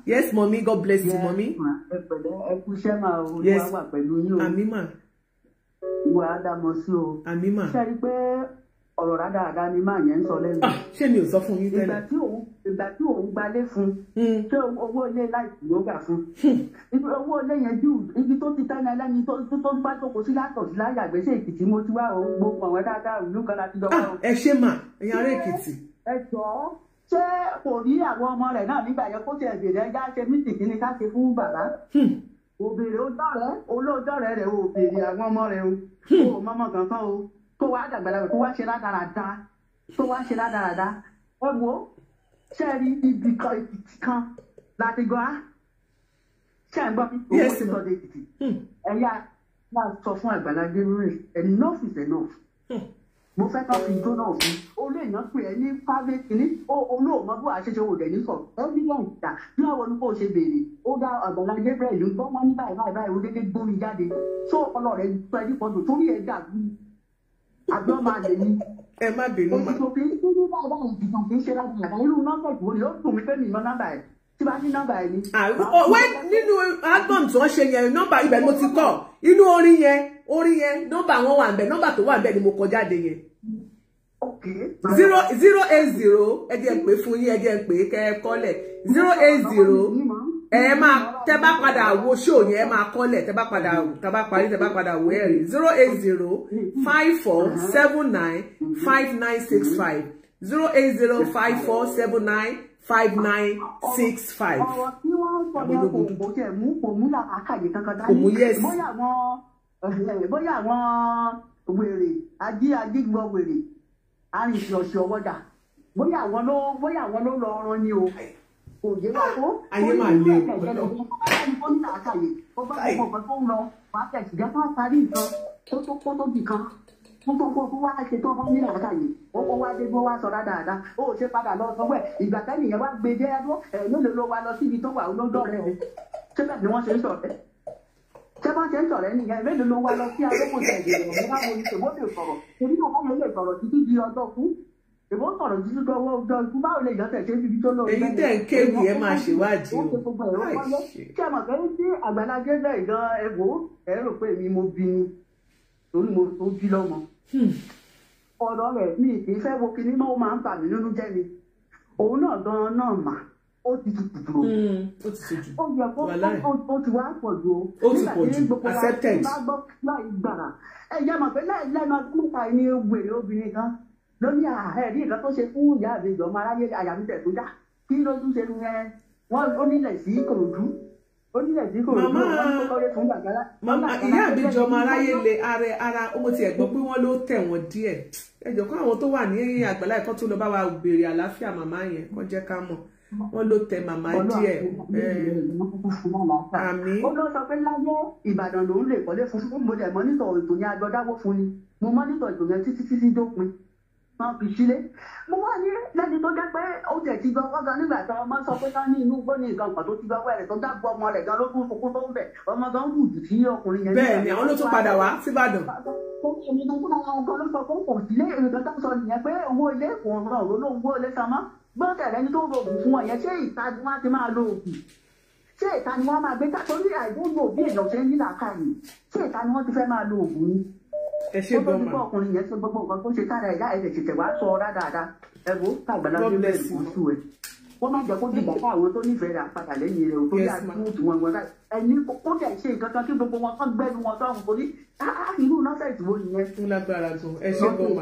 yes mọ̀mí god bless you mọ̀mí. ẹ pẹ̀lẹ́ ẹ kú iṣẹ́ máa o wá wà pẹ̀lú yín o. àmì mà. ìwà àdámọ̀ sí o. àmì mà. ṣe é rí pé ọ̀rọ̀ rádaràda ni máa yẹn ń sọ lẹ́nu. Ah, ṣé mi ò sọ fún yín tẹ́lẹ̀. ìgbà tí òun ìgbà tí òun gbalé fún un hmm. ṣé owó ilé láìsí ló gbà fún un hmm. owó ilé yẹn jù ibi tó ti tánà ẹlẹ́ni tó tó ń bá jókòó sí látọ̀ sí láyà gbèsè èkìtì mo ti wá òun gbogbo àwọn dáadáa ìlú kan láti jọ. Ah, ẹ ṣe mà ẹ̀yin ará èkìtì. ẹ jọ ṣé kò rí àwọn ọmọ rẹ̀ náà nígbà yẹn kó tiẹ̀ bèrè ẹja ṣe mítìkì ni ká ṣe fún bàbá hmm. òbèrè ó dọ̀rẹ́ olóòdọ̀rẹ́ rẹ̀ òbèrè àwọn ọmọ rẹ̀ o kò mọ́mọ́ kankan o kó wá dàgbàlagbà kó wá ṣe rádaràda kó wá ṣe rádaràda ẹ wo ṣe rí ibi kan èkìtì kan láti gbọ́ ṣe ń gbọ́ mi owó ti sọ de èkìtì hmm. ẹ̀yà máa sọ fún Àgbàlá Gabriel enough is enough hmm. mo fẹ́ kọ́ fi jóná òfin olú pè é ní fáfẹ́tì ní olóòmọ bó àṣeṣe òde ní sọ evidence dà bí àwọn olùkọ́ ṣe béèrè ó dá Àgbàlá Gabriel ló ń gbọ́ ní báyìí báyìí báyìí ó dédé gbómi jáde tó ọlọ́ọ̀rẹ́ pẹ̀lú pọ̀jù torí ẹ̀ dàbí agbọ́malẹ̀ ni. ẹ má bínú ma. ètò kì í ṣe ní bàbá ìdìbò kì í ṣe láti yàtọ̀ irú nọ́mbà ìdìbò ni ó dùn mí pé mi yan nọ́mbà ẹ̀ tí bá ní nọ́mbà ẹ̀ ni. àwẹ nínú album tí wọ́n ṣe yẹn nọ́mbà ibẹ̀ mo ti kọ inú orin yẹn orin yẹn nọ́mbà wọn wà nbẹ̀ nọ́mbà tó wà nbẹ̀ ni mo kọ jáde yẹn. zero zero eight zero ẹ jẹ́ pé fún yín ẹ jẹ́ pé kẹ́ ẹ kọ́lẹ̀ zero eight zero ẹ máa tẹ bá padà wo show yẹn ẹ máa kọ́lẹ̀ tẹ bá padà tẹ bá parí tẹ bá padà wo ẹ̀rí zero eight zero five four seven nine five nine six five zero eight zero five four seven nine five nine six five. ọ̀rọ̀ tí wọ́n sọ yẹn kò kò mú kò mú kankan dání eh, bóyá àwọn wèrè ajé ajé wèrè arìnrìn ọ̀sẹ̀ bóyá àwọn ló bóyá ni o òye máa kó ayé máa le pẹ̀lú àkàyè ó bá gbogbo ọ̀pọ̀ tó ń lọ wàá tẹ̀ ṣùgbọ́n tó parí nǹkan tó tó pọ́ tó bì kan tó tó pọ́ tó wá ṣe tó bá ní àkàyè ó kó wá dé bó wá sọ dáadáa ó ṣe padà lọ sọ pé ìgbà tẹ́nìyẹn wá gbé dé ẹdún ẹ̀ ló lè lọ wa lọ síbi tó wà lọ́dọ̀ rẹ̀ o ṣé bẹ́ẹ̀ ni wọ́n ṣe ń sọ̀rọ̀ tẹ bá ṣe ń sọ̀rọ̀ ẹni yẹn mélòó ló wá lọ sí agbókòtò ẹ̀jẹ̀ rẹ̀ wọ́n wá wo ìṣèwọ́de sọ̀rọ̀ èmi náà wọ́n mú lè sọ̀rọ̀ títí di ọjọ́ fún èmi ń sọ̀rọ̀ jíjú gan wọ́n gan ikú báwo lè yọ̀tẹ̀ ṣe ibi tó lọ. èyí tẹ̀ ń kéwì ẹ máa ṣèwádìí o láìṣe. kí a mọ̀ pé ní Àgbàlá Gabriel gan ẹ wò ó ẹ rò pé èmi mo bí ni torí mo tó bí lọ́mọ. Hmm. ọ̀rọ̀ rẹ̀ mi kì í fẹ́ wo kinní mọ́ ó máa ń bà mí nínú jẹ́ ni òun náà gan náà mà ó ti ti dùdú o. ó ti ti jù wàláì ó ti wá pọ̀ jù o. ó ti pọ̀ jù accepted. nígbà tí gbogbo wa ló ní ààrẹ rí nǹkan tó ṣe fún ìyá àbejì ọmọ aráyé àyà mi tẹ̀ tó dá kí ló tún ṣe yẹn wọ́n ó nílẹ̀ sí kòròdú ó nílẹ̀ sí kòròdú wọ́n tó kọ́lé fún gbàgbára. màmá ìyá àbejì ọmọ aráyé lè ara ara ó mo ti ẹ̀ gbọ́ pé wọ́n ló tẹ̀ wọ́n díẹ̀ ẹ jọ̀ọ́ kó àwọn tó wà ní àgbàlá ẹ̀kọ́ tó lọ bá wa béèrè àlàáfíà màmá yẹn kó jẹ́ ká mọ̀ wọ́n ló tẹ màmá díẹ̀ àmì. ó lọ sọ pé láyé ìbàdàn lòún lè kọ́lé fún mo dẹ̀ mọ́nítọ̀ ètò yẹn agbọ́dáwó fún ni mo mọ́nítọ̀ ètò yẹn títí títí dópin máa fi sílé mo wà ní lẹ́ni tó jẹ́ pé ó tẹ̀ ti gba ọgbọ́n gan nígbà tí ọmọ sọ pé ká ní inú gbọ́ ní nǹkan kan ti gba ọwọ́ rẹ̀ tó dábò ọmọ rẹ̀ gan lókun fún tó ń bẹ̀ ọmọ gan wù jù sí ọkùnrin yẹn. bẹ́ẹ̀ ni àwọn ló tún padà wá síbàdàn. omi tó kún àwọn kan ló sọ pé kò sílé nǹkan tó sọ nìyẹn pé owó ilé kò ràn olóńgbò ilé samá gbọ́dọ̀ lẹ́ni tó ń lo oògùn fún ọ yẹn ṣé ìta ni wọ́n ti máa lo oògùn ṣé ìta ni wọ́n máa gbé ká torí àìgbóngbò bí èèyàn ṣe ń nílà ká ṣé ìta ni wọ́n ti fẹ́ máa lo oògùn yìí ẹ ṣe gbọ́n ma. ọkùnrin yẹn ṣe gbogbo nǹkan tó ṣe tára ẹ̀yà ẹ̀ṣẹ̀ ṣẹ̀ṣẹ̀ wá sọ dáadáa ẹ wo kàgbàlá ní kú sú ẹ. wọ́n má jẹ́ kó dìbò fún àwọn tó nífẹ̀ẹ́ rẹ̀ àpàtà lẹ́yìn rẹ̀ tó yà kú tù wọn wọn ẹni kó dẹ̀ ṣe nǹkan kan kí gbogbo wọn kán gbẹ́nu wọn sọ́run torí irú nọ́ọ̀sẹ̀ ìdìbò yẹn. ń lágbára tó ẹ ṣe gbọ́n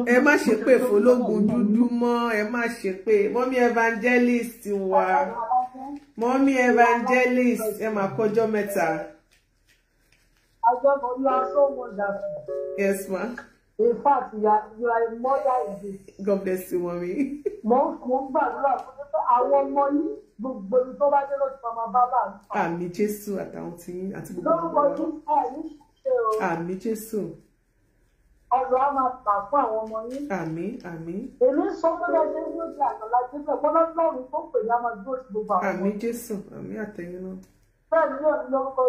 ma. ẹ má ṣe pé fọlọ́gùn dúdú mọ́ ẹ má ṣe pé mọ́mí evangelist wa mọ́mí evangelist ẹ má kọjọ́ mẹ́ta. Agbẹ́bọ̀lá Sọ́wọ́dà. Yes, ma. In fact, you are, you are a mother in this. God bless you, mommy. Mo ń kún gbàdúrà fún àwọn ọmọ yìí gbogbo ibi tó bá dé lọ́sùn máa máa bá bá mi. Àmì Jésù àtàwọn tí yín àti gbogbo ọmọ wa. Lórúkọ Jésù àìní ṣe o. Àmì Jésù. Ọ̀dọ̀ á máa tà fún àwọn ọmọ yín. Àmín àmín. Èmi sọ pé bá ṣe ń yóò di àgbàlá Jésù ẹ̀kọ́ lọ́dún tó pè ní a máa dúró sí gbogbo àwọn ọmọ. Àmín Jésù àmín àtẹ̀yìn náà. Bẹ́ẹ̀ ni yóò ní lórúkọ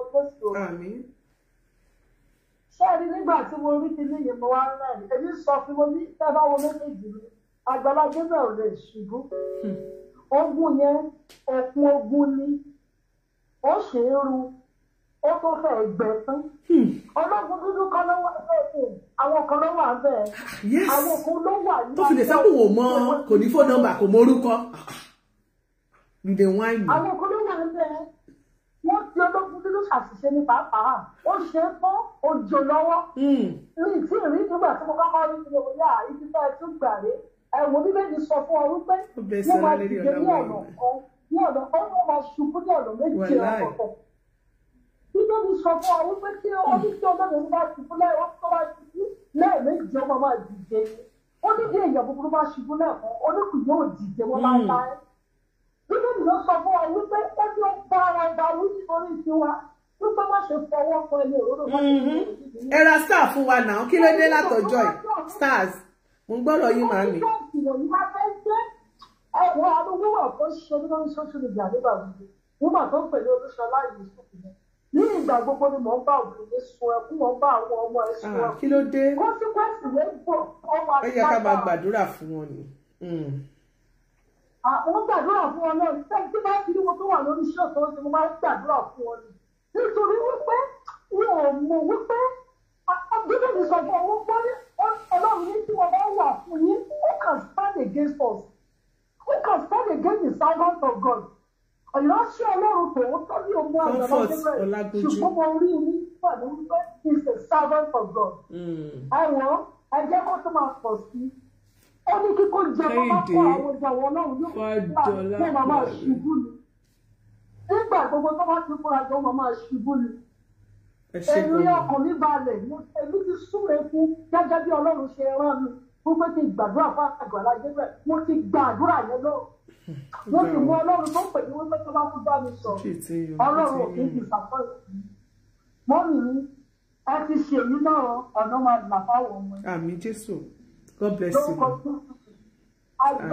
ṣáàrí nígbà tí mo rí kinní yìí mo wá ń rẹ̀ èmi sọ fún mo ní tẹ́fà wo méjèèjì mi Àgbàlá Gabriel ò lè ṣubú ogun yẹn ẹkún ogun ni ó ṣe é ru ó tó fẹ́ gbẹ tán ọlọ́gun dúdú kan ló wà bẹ́ẹ̀ àwọn kan ló wà bẹ́ẹ̀ àwọn kan ló wà ní. tó fi lè sẹ́kù wò mọ́ kò ní fóònù nọ́mbà kò mọ orúkọ. àwọn kan ló wà bẹ́ẹ̀ tí ológun tí ló ṣàṣìṣe ní pàápàá ó ṣe é fún òjò lọ́wọ́ hmm. mi tí ì rí nígbà tí mo kọ́kọ́ rí ní orí à ibi tá ẹ tún gbà rí ẹ̀wọ̀n bíbélì sọ fún ọdún pé wọ́n máa dìde ní ọ̀nà kan ní ọ̀nà kan wọ́n máa ṣubú ní ọ̀nà méje ọ̀pọ̀pọ̀ bíbélì sọ fún ọdún pé kí ọdún tí ọlọ́run bá ṣubú lẹ́yìn tó bá ṣubú lẹ́ẹ̀mejì ọmọ máa dìde ó ní bí èèyàn búburú bá ṣubú lẹ́ẹ̀kan oníkùn yóò dìde wọ́n máa ta hmm. ẹ́ bíbélì ló sọ fún wa wípé ó ní ó bá ara gba wí orí tiwa wípé má ṣe fọwọ́ kan ilé òróró má ṣe mhm. fọwọ́ kan. ẹ ra star fún wa náà kí ló dé látọjọ́ ẹ stars mo ń gbọ́dọ̀ yín màá mi. ẹ̀wọ̀n arúgbó ọ̀pọ̀ ṣiṣẹ́ nínú social media nígbà gbogbo wúmà tó ń pèlè olúṣọlá yìí sùn kùnú ní ìgbà gbogbo ni mò ń bá obìnrin sun ẹkún mò ń bá àwọn ọmọ ẹ sun ẹkún. Ah, kí ló dé. consequence ló ń bọ̀ ọmọ àti bàbá. ẹ yẹ ká máa gbàdúrà fún wọn ni. Hmm àwọn gbàdúrà fún ọ náà ṣe tí bá ti rí wọn tó wà lórí ṣọ́ọ̀tì wọn ṣe mo máa ń gbàdúrà fún ọ ni nítorí wípé wọn ò mọ̀ wípé bíbí mi sọ fún ọ wọ́n ní ọlọ́run ní tí wọ́n bá wà fún yín who can stand against us who can stand against the silence of God ọ̀yọ́ṣẹ́ ọlọ́run tòótọ́ ní ọmọ àgbàlá níbẹ̀ ṣùgbọ́n mo rí i nígbà lórí pé he is a servant of God ẹ̀wọ̀n hmm. ẹ̀jẹ̀ kó tó máa pọ̀ sí i ó ní kíkó jẹ mọ́mọ́ fún àwọn ìyàwó ọlọ́run yóò fún wa màmá ṣubú ni nígbà gbogbo tó bá ti fúnra jọ màmá ṣubú ni èmi ọkàn mi balẹ̀ èmi ti súnmọ́ eku gẹ́gẹ́ bí ọlọ́run ṣe rán mi fún pé kí n gbàdúrà fún àgbàlá jẹ́gbẹ́ mo ti gbàdúrà yẹn lọ mo sì mú ọlọ́run tó pè mí wípé tó bá fún bá mi sọ ọlọ́run ò kí n ti sàkọ́ mọ́mì mi ẹ ti ṣèlú náà ọ̀nà máa là fáwọn ọmọ. God bless you. Àmì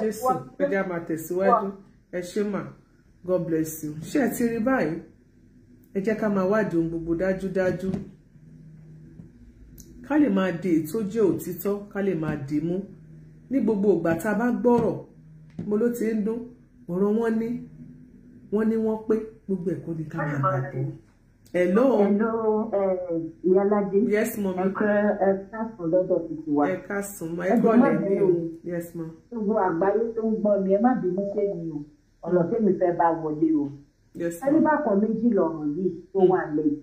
Jésù pẹ̀lú àmà God bless you. Ṣé ẹ ti rí báyìí? Ẹ jẹ́ ká máa wádìí ohun gbogbo dájúdájú. Ká lè máa di èyí tó jẹ́ òtítọ́ ká lè máa dì í mú. Ní gbogbo ìgbà tá a bá gbọ́rọ̀, mo ló ti ń dún. Ọ̀rọ̀ wọn ní wọ́n ní wọ́n pé gbogbo ẹ̀kọ́ ni ká máa gbàgbọ́ hello. hello eh, ìyálàjẹ. yes mọ̀mí. ẹ̀ka ẹ̀ka sùn lọ́dọ̀ tuntun wa. ẹ̀ka sùn mọ ẹ̀kọ́ lẹ̀ ní o. yes mọ. gbogbo àgbáyé tó ń gbọ́ mi ẹ má bínú sí mi o ọ̀nà tẹ́mi fẹ́ bá wọlé o. yes mọ. ẹni bá kan méjì lọ́rùn yìí tó wà lẹ́yìn.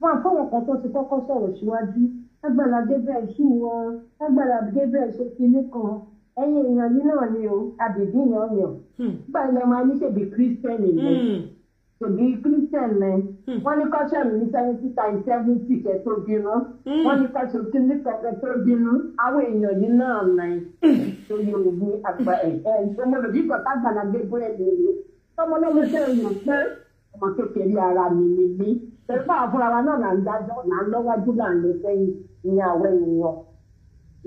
fún àfọwọ́n kan tó ti kọ́kọ́ sọ̀rọ̀ síwájú Agbala Gabriel sí wọn Agbala Gabriel ṣe kinní kan ẹ̀yin èèyàn yìí náà ni o àbìbí yàn hmm. yàn. gbàgbọ́ máa ní ṣèbí kírísítẹ́nì òbí christian men wọ́n ní kọ́ṣẹ́ mi ní seventy times seventy kẹ́ tó bínú wọ́n ní kọ́ṣẹ́ mi ní kọ́ṣẹ́ tó bínú àwọn èèyàn yìí náà nàì tó yẹ òbí àgbà ẹ̀ ẹ̀ ọmọlòbí kọ́tà gbàlagbé bóyá lèrè tọmọlọ́mọ sẹ́yìn mọ̀ pé ọmọ kékeré ara mi ni mí pẹ̀lú àwọn afúnra wa náà là ń dájọ́ là ń lọ́wájú là ń lọ sẹ́yìn ní àwọn èèyàn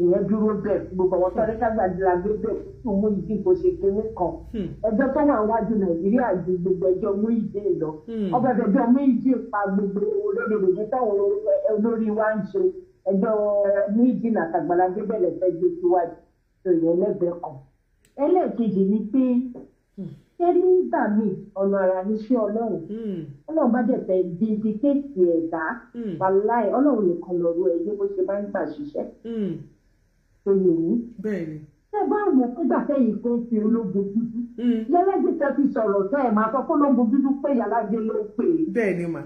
ìyẹn dúró bẹ́ẹ̀ gbogbo àwọn tọ́lẹ́ kágbàdúrà gbé bẹ́ẹ̀ fún Muyideen kò ṣe kinní kan hmm. ẹjọ́ tó wà wájú Nàìjíríà ju gbogbo ẹjọ́ Muyideen lọ hmm. ọbẹ̀ ẹjọ́ Muyideen pa gbogbo olódodo táwọn olórí wa ń ṣe ẹjọ́ eh, Muyideen àtàgbàlá gbé bẹ́ẹ̀ lẹ́fẹ́ gbé síwájú tó ìyẹn lẹ́gbẹ̀ẹ́ kan ẹlẹ́ẹ̀kejì ni pé hmm. ṣé nígbà míì ọ̀nà ara ní ṣé ọlọ́run ọlọ́run bá dẹ̀ fẹ́ dídí kéèkì ẹ̀dá wàláì ọlọ́run nìkan lọ́rọ̀ ẹ̀ yé bó ṣe máa ń gbà ṣiṣẹ́ tó yẹ yín. bẹ́ẹ̀ni. ṣé báwo nígbà tẹ́yìn kan fi ológun dúdú. yálàjẹ hmm. tẹ fi sọ̀rọ̀ tẹ́ ẹ̀ máa sọ pé ológun dúdú pé yálàjẹ ló pè é. bẹ́ẹ̀ni mà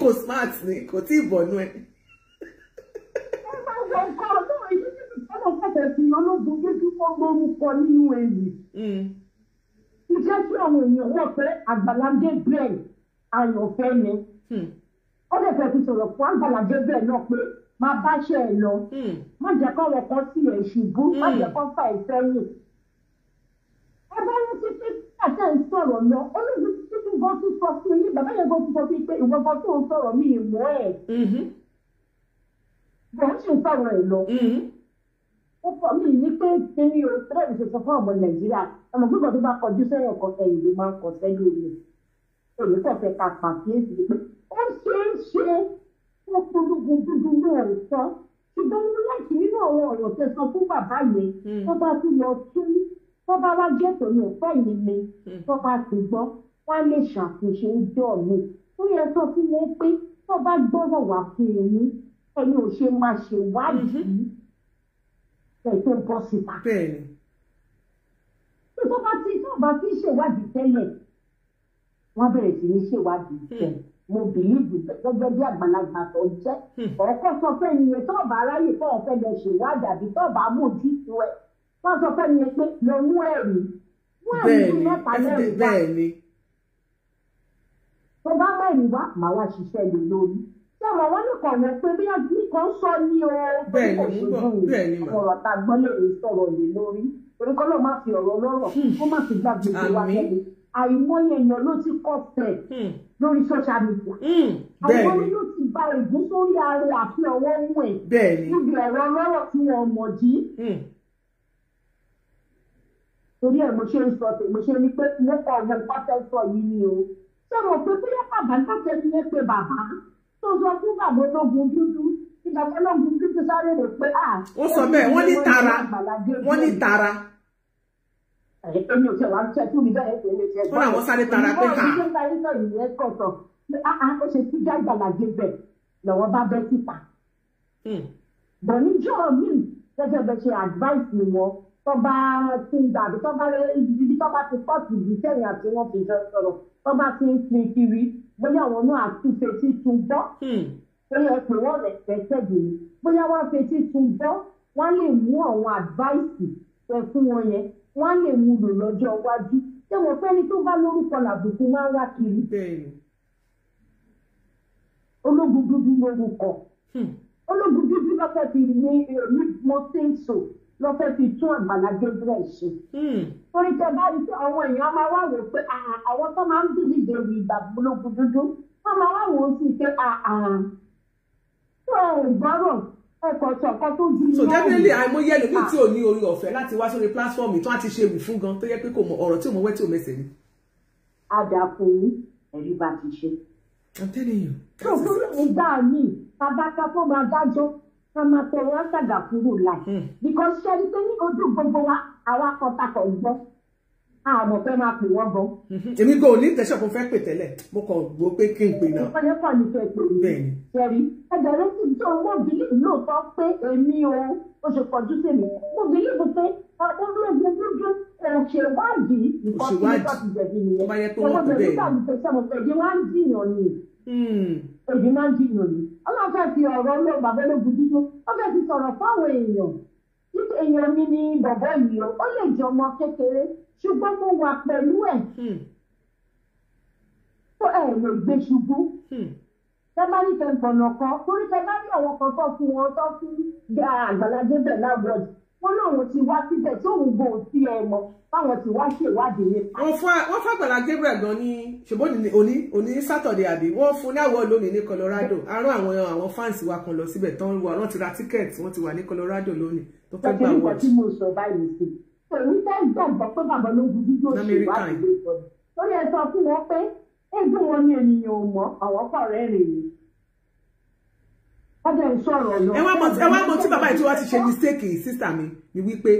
kò smart ni kò tí ì bọ̀nú ẹ. ẹ máa wọ nǹkan ọlọ́run yìí ọlọ́run fẹ̀fẹ̀ fi ológun dúdú fọ́ gbórúkọ nínú ẹ̀yìn. Hmm. iṣẹ́ tí àwọn èèyàn wọ̀ pé àgbàlá Gabriel àyànfẹ́ ni. Hmm ó lè fẹ́ fi sọ̀rọ̀ fún àgbàlagbé bẹ́ẹ̀ náà pé máa bá ṣe ẹ lọ hmm. má jẹ́ kó wọn kan sí ẹ̀ ṣubú má hmm. jẹ́ kó fà ẹ̀ sẹ́yìn. ẹ bá ní títí àti ẹ̀ ń sọ̀rọ̀ lọ olóògùn títí gan tún sọ fún yín bàbá yẹn gan tún sọ fún yín pé ìwọ gan tó ń sọ̀rọ̀ mi ìmọ̀ ẹ̀. bọ̀ hmm. ń ṣe sọ̀rọ̀ ẹ̀ lọ. ó fọ mí ní pé kíni o bẹ́ẹ̀ ni ṣe sọ fún ọmọ nàìjíríà ọmọ gbígbọ́ tó bá kọjú sẹ́yìn ọkọ̀ ẹ̀yìn ló máa ń kọ sẹ́yìn èmi fẹ̀fẹ̀ ká pàkíyèsí pé ó ṣeé ṣe wọ́n polówó dúdú lóòótọ́ ṣùgbọ́n inú láti nínú àwọn ọ̀rọ̀ tẹ sọ fún bàbá yẹn wọ́n bá tún lọ tún wọ́n bá wá jẹ́ pẹ̀lú ọ̀pẹ́ yìí ni wọ́n bá ti gbọ́ wọ́n lè ṣàtúnṣe ojú ọ̀run ó yẹ sọ fún wọn pé wọ́n bá gbọ́rọ̀ wá fún èmi ẹni ò ṣe máa ṣèwádìí ẹ̀ tó bọ́ síta. bẹ́ẹ̀ ni. tó bá ti tó bá ti ṣèwádìí tẹ́lẹ̀ wọ́n bẹ̀rẹ̀ sí ní ṣèwádìí jẹ́ hmm. mo bìlíìbù gẹ́gẹ́ bí àgbàlagbà tó jẹ́ ọ̀kọ́ hmm. sọ fẹ́ ni ẹ tọ́ọ̀bà aráyè tó ọ̀fẹ́ lọ ṣèwádìí àbí tọ́ọ̀bà amójútó ẹ̀ wọ́n sọ fẹ́ ni ẹ pé lọ mú ẹ̀rí wọ́n ẹ̀rí mẹ́ta lẹ́rìí wá tó bá mẹ́rin wá màá wá ṣiṣẹ́ lè lórí ṣé ọmọ wọn nìkan mọ̀ pé bí nìkan sọ ní o bí kò ṣe dùn ọ̀rọ̀ tá a gbọ́ lè sọ̀rọ̀ lè lórí orí kọ́ ló má fi ọ̀rọ̀ lọ́rọ̀ hmm. kó má fi gbàgbé wa lẹ́nu àìmọye èèyàn ló ti kọ sẹ̀ hmm. lórí social media. Hmm. àwọn nínú ti ba ègún sórí ara àti ọwọ́ mú ẹ̀ níbi ẹ̀rọ ọlọ́rọ̀ tí wọ́n mọ̀ jí. Hmm. torí ẹ̀ mo ṣe ń sọ mo ṣe ní pé mo kọ ọ̀rọ̀ pátá sọ yìí ni o. sọ̀rọ̀ pé bóyá bàbá ń tàbí ẹni yẹn pé bàbá tó sọ fún bàbá ológun dúdú ìgbàgbọ́ ológun dúdú sáré rè pé à. Ah, ó sọ bẹ́ẹ̀ wọ́n ní tara wọ́n ní tara èmi ò tiẹ̀ wá ṣe fún mi bẹ́ẹ̀ èmi ò tiẹ̀ gbọ́. fúnra wọn sáré tara pé ká. ìwọ ìdílé ń bá ìyẹn kọ̀tọ̀ ah, ah, ó ṣe tí dàgbàlagbé bẹ̀ lọ́wọ́ bá bẹ́ síta. Hmm. bọ̀ níjọ́ mi gẹ́gẹ́ bẹ́ ṣe advice mi wọ́n tó bá ti ń gbà àbí tó bá ibi tó bá ti pọ́ọ̀tù ìdí sẹ́yìn àti wọ́n fi jọ sọ̀rọ̀ tó bá ti ń pin kiri bóyá àwọn náà àtúnṣe títún gbọ́ hmm. bóyá ẹ pè wọ́n rẹ̀ tẹ́tẹ́gbè lè mú àwọn advice ẹ fún wọn yẹn wọ́n á lè wúlò lọ́jọ́ iwájú ṣé mo fẹ́ ni tó bá lórúkọ làbùkù máa ń wá kiri. ológun dúdú lórúkọ hmm. ológun dúdú lọ́fẹ́ fi ní èmi mo ti ń sọ lọ́fẹ́ fi tún Àgbàlá Gabriel ṣe. Hmm. torí tẹ bá rí pé àwọn èèyàn máa wá wò pé àwọn tó máa ń dì nídìí èrò ìgbà ológun dúdú wọ́n máa wá wò ó sì pé tó ò gbọ́rọ̀ so definitely àìmọye ẹlòmíì ah. tí ò ní orí ọ̀fẹ́ láti wá sórí platform tí wọ́n ti ṣe wù fún gan tó yẹ pé kò mọ ọ̀rọ̀ tí ò mọ wẹ́ tí ò mẹsẹ̀ ni. àdàkùn ẹ̀rí bá ti ṣe. I'm telling you. tó tó ìgbà mi tabata tó máa dájọ́ ká máa tọrọ ọ́sàgà kúrò láì. Hmm. because ṣẹ́ni pé ní ojú gbogbo wa àwa kọ́ta kọ̀ ń gbọ́ àmọ̀ ah, fẹ́ máa pè wọ́n gan. Mhm. èmi gan ò ní ìtẹ́sọ̀ kó fẹ́ pè tẹ́lẹ̀ mo kàn gbó pé kí n pè náà. ìpàdé pọ̀ ní fẹ́ pè mí. bẹ́ẹ̀ni. sẹ́rí ẹgbẹ̀rún sì tó owó bílí lóòótọ́ pé èmi o ó ṣe kọjú sí mi mo bílí bù pé olóògùn dúdú òṣèwádìí nǹkan tí nípa ti jẹ̀bi nìyẹn. ọba yẹn tó wọ́n kú bẹ́ẹ̀. ọlọ́dún tó sẹ́mo èdè máa ń jìyàn ni èdè máa ń jìyàn ni ọlọ́fẹ́ fi ọ̀rọ̀ lọ bàbá ológun dúdú ọlọ́fẹ́ fi sọ̀rọ̀ fáwọn èèyàn èèyàn mi ni bàbá yìí o ó lè jẹ ọmọ kékeré ṣùgbọ́n mo wà pẹ̀lú ẹ̀ tó hmm. ẹ̀ lè gbé ṣubú tẹ́bárí hmm. tẹ gbọ̀nà kan torí tẹ́bárí àwọn kan tó fún wọn tó fún àgbàlagé bẹ̀ lábúrọ̀d wọn láwọn ti wá síbẹ̀ tí òun gbò sí ẹ mọ báwọn ti wá ṣèwádìí nípa. wọ́n fún wọ́n fún Àgbàlá Gabriel gan ní ṣùgbọ́n òní òní sátọ̀dẹ̀ àbí wọ́n fún ní àwọ̀ lónìí ní Colorado arán àwọn àwọn fáǹsì wa kan lọ síbẹ̀ tán wà wọ́n ti ra tíkẹ́ẹ̀tì wọ́n ti wà ní Colorado lónìí tó fẹ́ gbà wọ́ọ̀tì. tọ́sí mo sọ báyìí sí èmi fẹ́ gbàgbọ́ pé bàbá ló bu dúdú òṣèlú àdúgbò ìtọ́ lórí ẹ sọ fún wọn pé ẹgbẹ́ wọn ni ènìyàn ò mọ̀ àwọn kọ̀ rẹ́ rèé ọjọ́ ìṣòro lọ. ẹ wá mọ tí bàbá yìí tí wọ́n ti ṣe mistake sísà mi ni wípé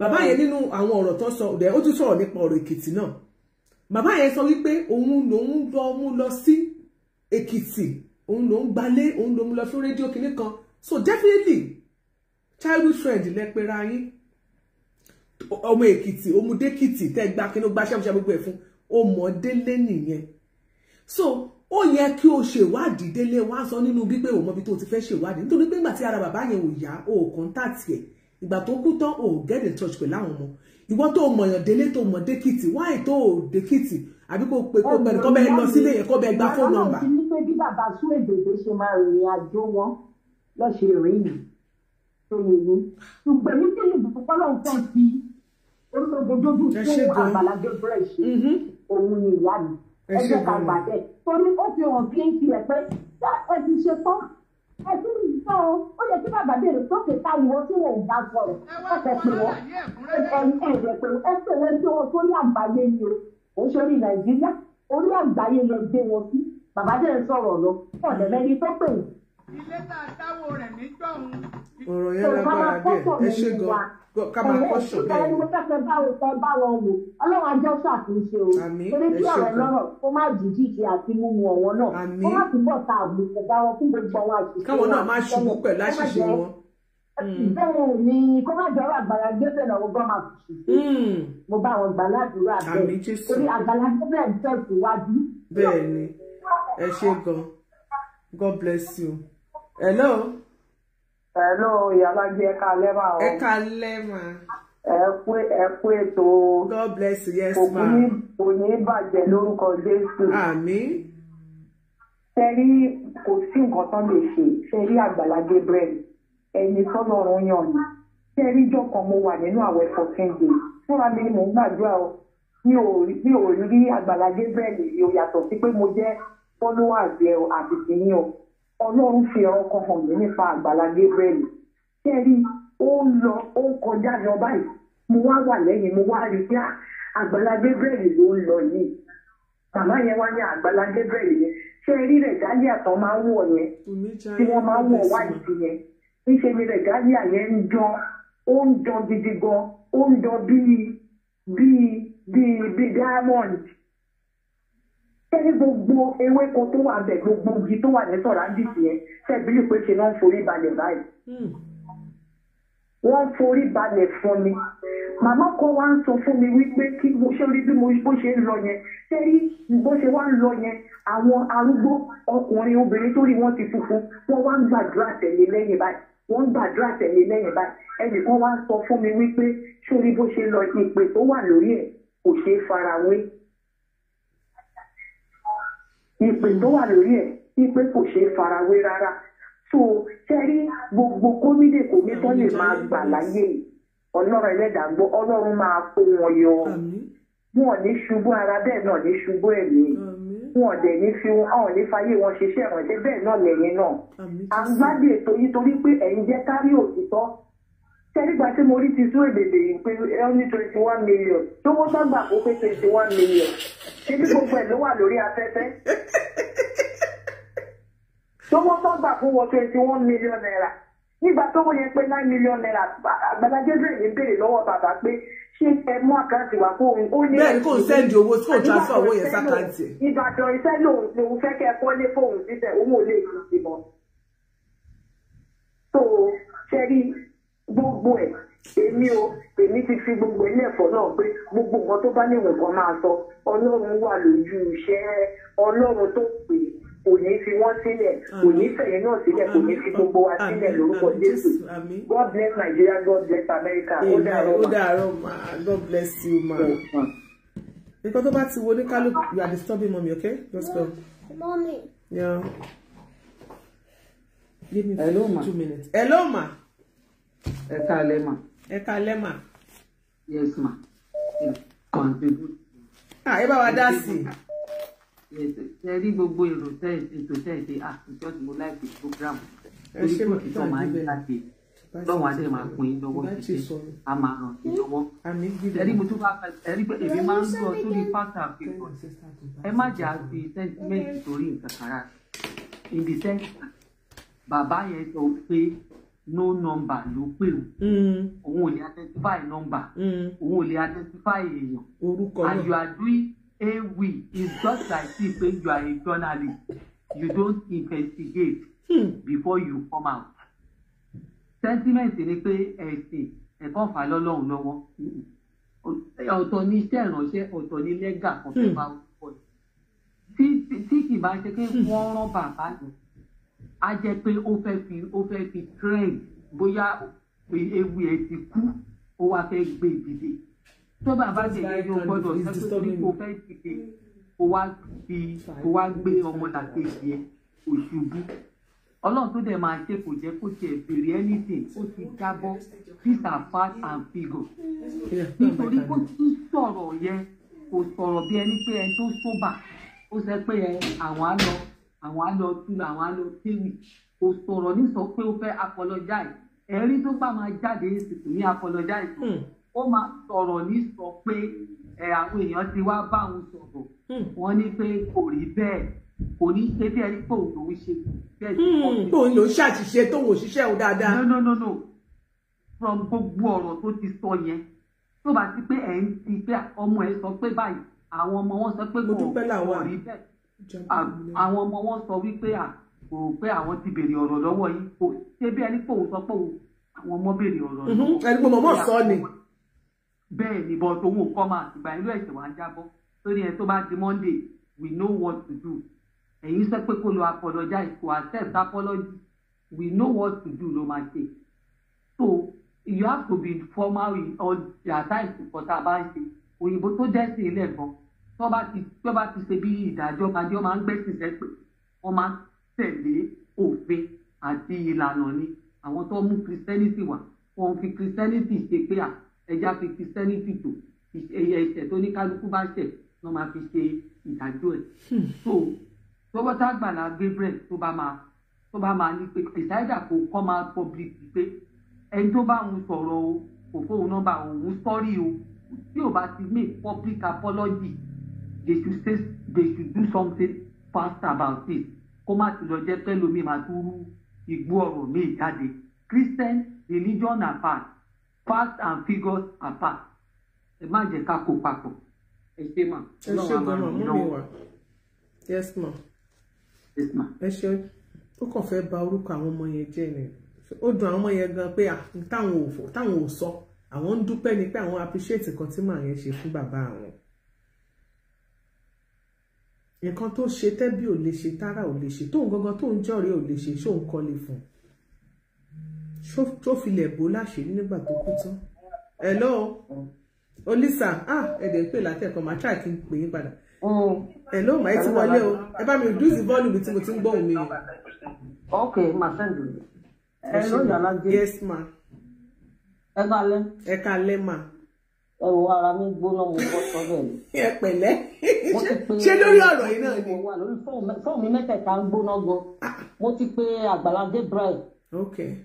bàbá yẹn nínú àwọn ọ̀rọ̀ tó sọ ọ̀dẹ̀ ó tún sọ̀rọ̀ nípa ọ̀rọ̀ Èkìtì náà bàbá yẹn sọ wípé òun lòun lọ mú lọ sí Èkìtì òun lòun gbalé òun lòun lọ fún rédíò kìnìkan so definitely childhood friend lẹ́pẹ̀rẹ̀ ayé ọmọ èkìtì ọmọdé èkìtì tẹ́ gba kí ló gba ṣẹ́mùṣẹ́ gbogbo ẹ̀ fún ọmọdélé nìyẹn so ó yẹ kí o ṣèwádìí délé wá sọ nínú gbígbé òun mọ́bi tó ti fẹ́ ṣèwádìí nítorí pé ìgbà tí ara bàbá yẹn ò yá o ò kọ́ńtàtì ẹ̀ ìgbà tó kú tán o ò get in touch pẹ̀lú àwọn ọmọ ìwọ tó mọ̀yàn délé tó mọ̀ dékìtì wáì tó ò dékìtì àbí kò pé kò bẹ̀rẹ̀ kọ́ bẹ́ẹ̀ lọ sílé yẹn kọ́ bẹ́ẹ̀ gba fóònù nọ́mbà. ọlọ́run ti ní pé bí bàbá sún èdèdè ṣe máa rìnrìn àjò wọn lọ́ọ́ ṣe rìn yìí òyìnbó ṣùgbọ́n mi sì lùbùkù fọlọ́run kan ti orúkọ dojú tó àgbàlá gẹ́gẹ́ ṣe òun ni ìyá mi ẹ jẹ́ ká gbà bẹ́ẹ̀ torí ó fi hàn kí n fi ẹ̀ pé ẹ ti ṣe tán ẹ tún ń sọ ọ ó yẹ kí bàbá béèrè sókè táwọn tí wọn ò bá sọ̀rọ̀ ọ̀sẹ̀ pé wọ́n ẹ̀rẹ̀ pé ẹ pè wọ́n tí wọ́n sórí àgbáyé ni o ò sórí Nàìjíríà orí àgbáyé lọ gbé wọn sí bàbá béèrè sọ̀rọ̀ lọ ọ̀dẹ̀mẹ́ni tó pè wọ́n ilé tá a dáwó ọ̀rọ̀ yẹn lágbára díẹ̀ ẹ ṣe gan ká máa sọ bẹ́ẹ̀. ẹ̀rọ ìṣúná ẹni mo fẹ́ fẹ́ bá wọn ọlọ́run ajẹ́ ṣàtúnṣe o torí kí ọ̀rọ̀ kó má jìjìjì àti mímu ọ̀wọ́n náà kó má túbọ̀ ta àbùkù bá wọn fún gbogbo àwọn àṣìṣe wọn. káwọn náà má ṣubú pẹ̀lú àṣìṣe wọn. Hmm. bẹ́ẹ̀ ni kó má jọrọ àgbàlá gbẹ́sẹ̀ náà gbọ́n máa fi ṣùgbọ́n hmm. mo bá wọn gbà ládùúrà bẹ́ẹ̀ torí àgbàlá gbẹ́sẹ̀ ń tẹ̀síwájú hello. hello ìyálájẹ ẹ káalẹ́ máa o. ẹ káalẹ́ máa. ẹ kú ẹ kú ètò. God bless you yes ma. kò ní bàjẹ́ lórúkọ Jésù. àmín. sẹ́rí kò sí nǹkan tán lè ṣe sẹ́rí Àgbàlá Gabriel ẹni tọ́lọ́run yàn ni sẹ́rí ìjọ́ kan mo wà nínú àwẹ̀ fourteen days fúnra mi ni mò ń gbàdúrà o mi ò mi ò rí Àgbàlá Gabriel yìí o yàtọ̀ sí pé mo jẹ́ followers yẹ o àti tìyín o. ọlọ́run fi ọ̀rọ̀ kan hàn mí nípa àgbàlá Gabriel kẹ́rí ó lọ ó kọjá lọ báyìí mo wá wà lẹ́yìn mo wá rí pé ah, àgbàlá Gabriel ló ń lọ yìí màmá yẹn wá ní àgbàlá Gabriel yẹn rẹ̀ dálé àtọ̀ máa ń wọ̀ yẹn tí wọ́n máa ń wọ̀ yẹn níṣẹ́ ni rẹ̀ gidi gan ó ń bíi bíi bíi tẹ́lẹ̀ gbogbo ewéko tó wà bẹ̀ gbogbo igi tó wà ní sọ̀ràǹdìsì yẹn tẹ̀bílì pé ṣe náà ń forí balẹ̀ báyìí. Hmm. wọ́n forí balẹ̀ fún mi. màmá kan wá ń sọ fún mi wípé kí mo ṣe rí bí bó ṣe ń lọ yẹn ṣé rí bó ṣe wá ń lọ yẹn àwọn arúgbó ọkùnrin obìnrin tó rí wọn ti funfun wọn wá ń gbàdúrà tẹ̀lé lẹ́yìn báyìí wọ́n ń gbàdúrà tẹ̀lé lẹ́yìn báyìí ẹnìkan wá ń sọ fún mi wípé ṣé rí bó ṣe lọ ìpè tó wà lórí ẹ̀ kò ṣeé farawé ìpè tó wà lórí ẹ̀ ìpè kò ṣeé farawé rárá so tẹ́rí gbogbo kómìdè kòmí tó lè máa gbà láyé ọlọ́run ẹlẹ́dàá gbọ́ ọlọ́run máa kó wọn yọ wọn ò ní ṣubú ara bẹ́ẹ̀ náà ní ṣubú ẹ̀mí wọn ò dẹ̀ ní fi wọn ò ní fàyè wọn ṣiṣẹ́ ìrànṣẹ́ bẹ́ẹ̀ náà lẹ́yìn náà àgbàdì ètò yìí torí pé ẹ̀ jẹ́ kárí òtítọ́ tẹ́lígbà tí mo rí ti sún èdèdè yìí pé ẹ twenty one million tó wọ́n sọ́gbà kó pé twenty one million títí gbogbo ẹ̀ ló wà lórí afẹ́fẹ́ tó wọ́n sọ́gbà kó wọ twenty one million naira nígbà tó wọ́n yẹ pé nine million naira Agbala Gabriel ń béèrè lọ́wọ́ bàbá pé ṣé ẹ mú àkáǹtì wá kó òun ó ní. bẹ́ẹ̀ kò ń sẹ́ndì owó tí kò transfer owó yẹn sákàǹtì. Ìbàdàn iṣẹ́ lòun lòun fẹ́ kẹ́ kọ́lé fóun síbẹ̀ òun ò lè lọ sí mọ́. tó o ṣe gbogbo ẹ̀ èmi o èmi ti fi gbogbo ilé ẹ̀fọ́ náà pé gbogbo nǹkan tó bá níwọ̀n kan máa sọ ọlọ́run wà lójú iṣẹ́ ọlọ́run tó pè kò ní fi wọ́n sílẹ̀ kò ní fẹ̀yìn náà sílẹ̀ kò ní fi gbogbo wa sílẹ̀ lórúkọ Jésù God bless Nigeria God bless America ó dàárọ̀ ó dàárọ̀ ma God bless you ma nǹkan tó bá ti wo ní kálukú you are disturbing mommy okay just go. mommy. Yeah. give me Hello, two minutes. Hello ma ẹ káalẹ́ mà. ẹ káalẹ́ mà. yes ma contribute. ah ẹ bá wa dá sí i. ẹ rí gbogbo èrò tẹ́ ètò tẹ́ ẹ̀ ṣe àtijọ́ tí mo láì fi program torí kò kí tọ́ máa ń jáde lọ́wọ́ adé máa pín in lọ́wọ́ títí a máa ràn yín lọ́wọ́ ẹ̀rí mo tún bá ẹ̀rí pé èmi máa ń sọ sórí pátá fífọ́n ẹ má jà fi sẹ́ńtímẹ́ǹtì sórí nǹkan kan rárá in the bàbá yẹn sọ pé no number ló pè o mm. òun ò lè identify number mm. òun ò lè identify èèyàn orúkọ náà and you are doing a we it's just like if you are a journalist you don't investigate hmm. before you come out sentiment ni pé ẹ̀sìn ẹ̀kọ́ fà lọ́lọ́run lọ́wọ́ ọ̀tọ̀ ni iṣẹ́ ìránṣẹ́ ọ̀tọ̀ ni lẹ́gà kan fẹ́ máa ń pọ̀ tí kì bá ṣe pé wọ́n rán bàbá yẹn á jẹ́ pé ó fẹ́ fi ó fẹ́ fi trend bóyá ewu ẹ̀ ti kú ó wá fẹ́ gbé dìde tó bàbá jẹ yẹn ó gbọ́dọ̀ sẹ́kọ̀tì ó fẹ́ dìde ó wá fi ó wá gbé ọmọ làkejì ẹ̀ òṣùbù ọlọ́run tó dẹ̀ máa ṣe kò jẹ́ kó tiẹ̀ béèrè anything ó ti jábọ́ peter fat and figure nítorí kó tún sọ̀rọ̀ yẹn kò sọ̀rọ̀ bí ẹni pé ẹni tó sóbà ó sẹ pé àwọn á lọ àwọn á lọ tú àwọn á lọ kéwì kò sọ̀rọ̀ ní sọ pé ó fẹ́ apologize ẹ̀rí tó bá máa jáde ìsìnkú ní apologize hmm. ó máa sọ̀rọ̀ ní sọ pé ẹ àwọn èèyàn ti wá bá òun sọ̀rọ̀ hmm. wọ́n ní pé kò rí bẹ́ẹ̀ kò ní ṣe bí ẹni pé òun lòún ṣe bẹ́ẹ̀ tí wọ́n ti. tóun ló hmm. ṣàṣìṣe tóun ò ṣiṣẹ́ o dáadáa. no no no no from gbogbo ọ̀rọ̀ tó ti sọ yẹn tó bá ti pé ẹ̀ ń ti pé ọmọ ẹ sọ pé báyìí àwọn ọmọ wọn sọ pé kò rí bẹ́ẹ̀ Um, àwọn ọmọ wọn sọ wípé à kò pé àwọn ti béèrè ọ̀rọ̀ lọ́wọ́ yìí kò ṣe bí ẹni pòun sọ pé àwọn ọmọ béèrè ọ̀rọ̀ mm-hmm. lọ́wọ́. ẹni pé mọ̀mọ́ sọ ni. bẹ́ẹ̀ ni bọ́ tòun kọ́ máa ìgbà ìlú ẹ̀sẹ̀ wá ń jábọ́ torí ẹ tó bá di Monday we know what to do ẹ̀yin sọ pé kó lọ apologize kò accept apology we know what to do ló máa ṣe so you have to be formal in all their times for tá a bá ń ṣe òyìnbó tó jẹ́ sí tó bá ti tó bá ti ṣe bí ìdájọ́ kájọ́ máa ń gbẹ́sìn sẹ́pẹ̀ wọ́n máa tẹ̀lé òfin àti ìlànà ni àwọn tó mú christianity wà wọn fi christianity ṣe pé à ẹja fi christianity tó ẹ̀ṣẹ̀ tó ní kálukú bá ṣẹ̀ ló máa fi ṣe ìdájọ́ ẹ̀ hmm. so tọ́wọ́tà gbàlà Gabriel tó bá máa tó bá máa ní pé ìsáyédà kò kọ́ máa public pé ẹni tó bá ń sọ̀rọ̀ o kò fóun nọ́mbà òun sọ́rí o tí ò bá ti make public apology they should say they should do something fast about it kó má ti lọ jẹ́ pẹ́lómi máa tún rú igbó ọ̀rọ̀ míì jáde Christian religion apart fast and figures apart ẹ má jẹ́ ká kó papọ̀ ẹ ṣe mà Ọlọ́run àmà mi lọ́wọ́ yes ma yes ma ẹ ṣe ó kàn fẹ́ bà orúkọ àwọn ọmọ yẹn jẹ́ ni ó dùn àwọn ọmọ yẹn gan pé táwọn ò sọ àwọn ń dúpẹ́ ni pé àwọn appreciate nǹkan tí màá yẹn ṣe fún bàbá àwọn nǹkan tó ṣe tẹ́bí ò lè ṣe tára ò lè ṣe tóun gangan tóun jọ̀rẹ́ ò lè ṣe ṣóun kọ́lé fún un tó filẹ̀ bó láṣìírí nígbà tó kú tán hello olisa oh, ah ẹ̀dẹ̀ ń pè látẹ̀kọ́ màá try kí n pè yín padà hello màá ti wọlé o ẹ bá mi reduce the volume tí mo ti ń gbóhùn mi. ok ma send you. hello yàrá jẹ́ yes ma. ẹ kalẹ́. ẹ kalẹ́ ma ẹ̀wọ̀ ara mi gbóná mo bọ́ sọ́dọ̀ ẹ̀. ẹ pẹ̀lẹ́ ṣé lórí ọ̀rọ̀ yìí náà ni. wà lórí fóònù mi mẹ́tẹ̀ẹ̀ta ń gbóná gan ah. mo ti pe Àgbàlá Gabriel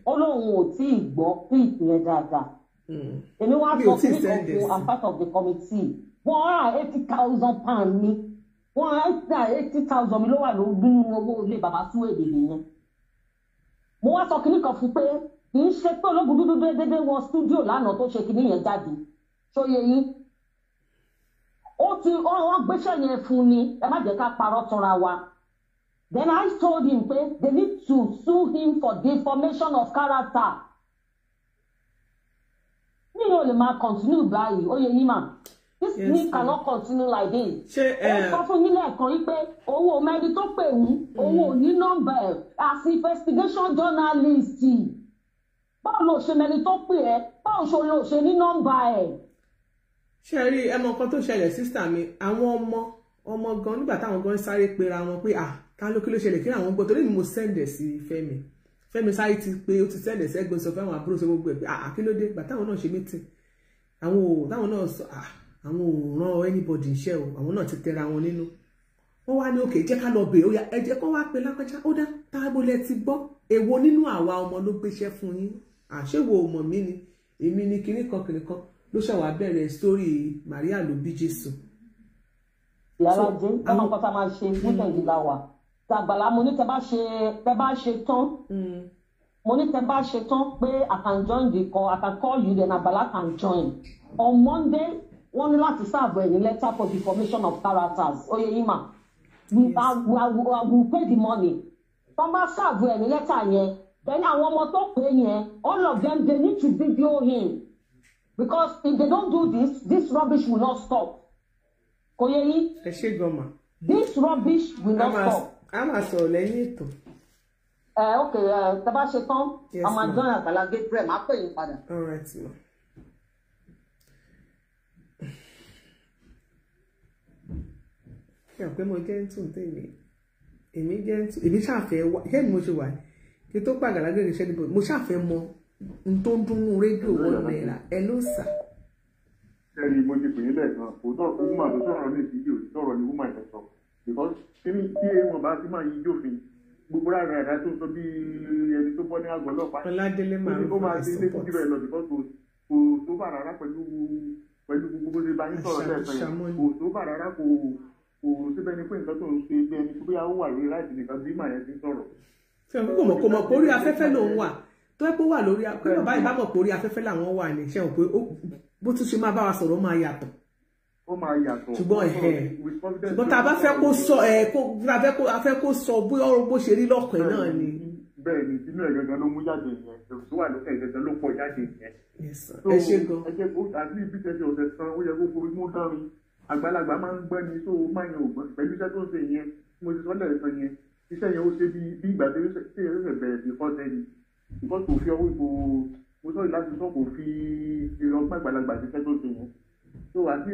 ó lóun ò tí ì gbọ́ píìt yẹn dáadáa hmm. èmi wá sọ pé kò am part of the committee wọ́n á eighty thousand pound mi wọ́n á gba eighty thousand mi ló wà lóògùn owó ilé bàbá tún èdè nìyẹn mo wá sọ kinní kan fún pé kì í ṣe pé ológun dúdú déédéé wọ stúdíò lánàá tó ṣe kinní yẹn jáde ṣòye yín ó ti wọ́n gbéṣẹ́ yẹn fún ni ẹ má jẹ́ ká parọ́ tanra wa then I told him pé they need to sue him for defamation of character mi ò lè máa continue báyìí ó yẹ yín mà this yes, thing cannot continue like this ṣe ẹ ó eh, sọ fún yín lẹ́ẹ̀kan yìí pé owó mẹ́rin tó pè hmm. yín owó ní nọ́mbà ẹ̀ as investigation journalist báwo ló ṣe mẹ́rin tó pè ẹ́ báwo ló ṣe ní nọ́mbà ẹ̀ ṣe rí ẹmọ kan tó ṣẹlẹ̀ sísà mi àwọn ọmọ ọmọ gan nígbà táwọn gan sáré pera wọn pé ah ta ló kí ló ṣẹlẹ̀ kí àwọn gbọ́ torí mi mo sẹ́ǹdẹ̀ sí Fẹ́mi Fẹ́mi sáré ti pé ó ti sẹ́ǹdẹ̀ sẹ́gbọ̀n sọ fẹ́wọn àbúrò sọ gbogbo ẹ̀ pé ah kí ló dé gbà táwọn náà ṣe mítìn àwọn ò táwọn náà sọ ah àwọn ò rán anybody iṣẹ́ o àwọn náà ti tẹra wọn nínú wọ́n wá ní òkè jẹ́ ká lọ bèè ó yá ẹ jẹ́ kó wá pe lápẹ́já ó dá tábólẹ̀ ti gbọ́ èwo nínú àwa ọmọ ló gbéṣẹ́ fún yín àṣewò ọmọ mi ni èmi ni kinní kan kinní kan ló ṣàwà bẹ̀rẹ̀ sórí Maria ló bí Jésù. ìyára dín káwọn nǹkan tá a máa ṣe nílẹ̀ mm. yìí la wà tàgbàlá mo ní tẹ bá ṣe tẹ bá ṣe tán mm. mo ní tẹ bá ṣe tán pé I can join the call I can call you then Agbala can join on Monday wọ́n ní láti sáàbọ̀ ẹ̀yìn letter for the formation of characters oyè yìí mà we are we are we pay the money wọ́n bá sáàbọ̀ ẹ̀yìn letter yẹn then àwọn ọmọ tó pè é yẹn all of them they need to video him because if they don't do this this rubbish will not stop kò yẹ yín. ẹ ṣe this rubbish will not stop. a máa sọ̀rọ̀ lẹ́yìn ètò. ẹ ok ẹ tẹ bá ṣe tán a máa join Àgbàlá Gabriel máa pè yín padà. all right ma. fi hàn pé mo jẹ́ ń tún tèmi èmi jẹ́ ń tún èmi ṣàfẹ́ wá ṣé ni mo ṣe wà kí tó pàgàlà gẹ́gẹ́ ṣẹ́ni mo ṣàfẹ́ mọ n tó ń dúnnú rédíò one naira ẹ ló sà. sẹ́ni mo ti pè é lẹ́ẹ̀kan òótọ́ wúmà tó sọ̀rọ̀ ní ìdíje òsì sọ̀rọ̀ ni wúmà yẹn sọ because tí wọn bá ti máa yí jófin gbogbo rárá ẹ̀dá tó sọ bí ẹni tó bọ́ ní àgọ́ ọlọ́pàá ọládélé máa ń fọ ìsopọ̀ kò tó bà rárá pẹ̀lú pẹ̀lú gbogbo bó ṣe bá yín sọ̀rọ̀ lẹ́ẹ̀kan yẹn kò tó bà rárá kò kò síbẹ̀ ni pé nǹkan tó ń ṣe bí ẹni tó bóyá ó wà lórí láti nìkan bí màá yẹn ti sọ̀rọ̀. fẹ́ẹ̀ kò mọ̀ kò mọ̀ kórìí afẹ́fẹ́ lòun wà tó ẹ pé wà lórí pé bàbá yìí bá mọ̀ pé orí afẹ́fẹ́ làwọn wà ní ṣe hàn pé bó tún ṣe máa bá wa sọ̀rọ̀ máa yàtọ̀ ó máa yàtọ̀ ṣùgbọ́n ẹ̀ ṣùgbọ́n tá a bá fẹ́ kó sọ ẹ̀ kó a fẹ́ kó sọ bó ọrùn bó ṣe rí lọ́kàn náà ni. bẹ́ẹ̀ ni inú ẹ̀ gangan ló mú jáde yẹn èrò tó wà lókè gangan ló pọ̀ jáde yẹn. ẹ ṣe gan. ẹ jẹ́ kó àti ibi tẹ̀sí ọ̀sẹ̀ san ó yẹ kó forí mú dárin àgbàlagbà máa ń gbọ́ ni tó máa yan ògbọ́n pẹ̀lú iṣẹ́ tó ń ṣe yẹn mo ti sọ lẹ́ẹ̀kan yẹn iṣẹ́ yẹn ó ṣe bí ìgbà tó ṣe nǹkan kò fi ọwọ́ ìbò mo sọ̀rọ̀ láti sọ kò fi ìrọ̀gbọ́n àgbàlagbà ti fẹ́ tó ṣe yẹn so àti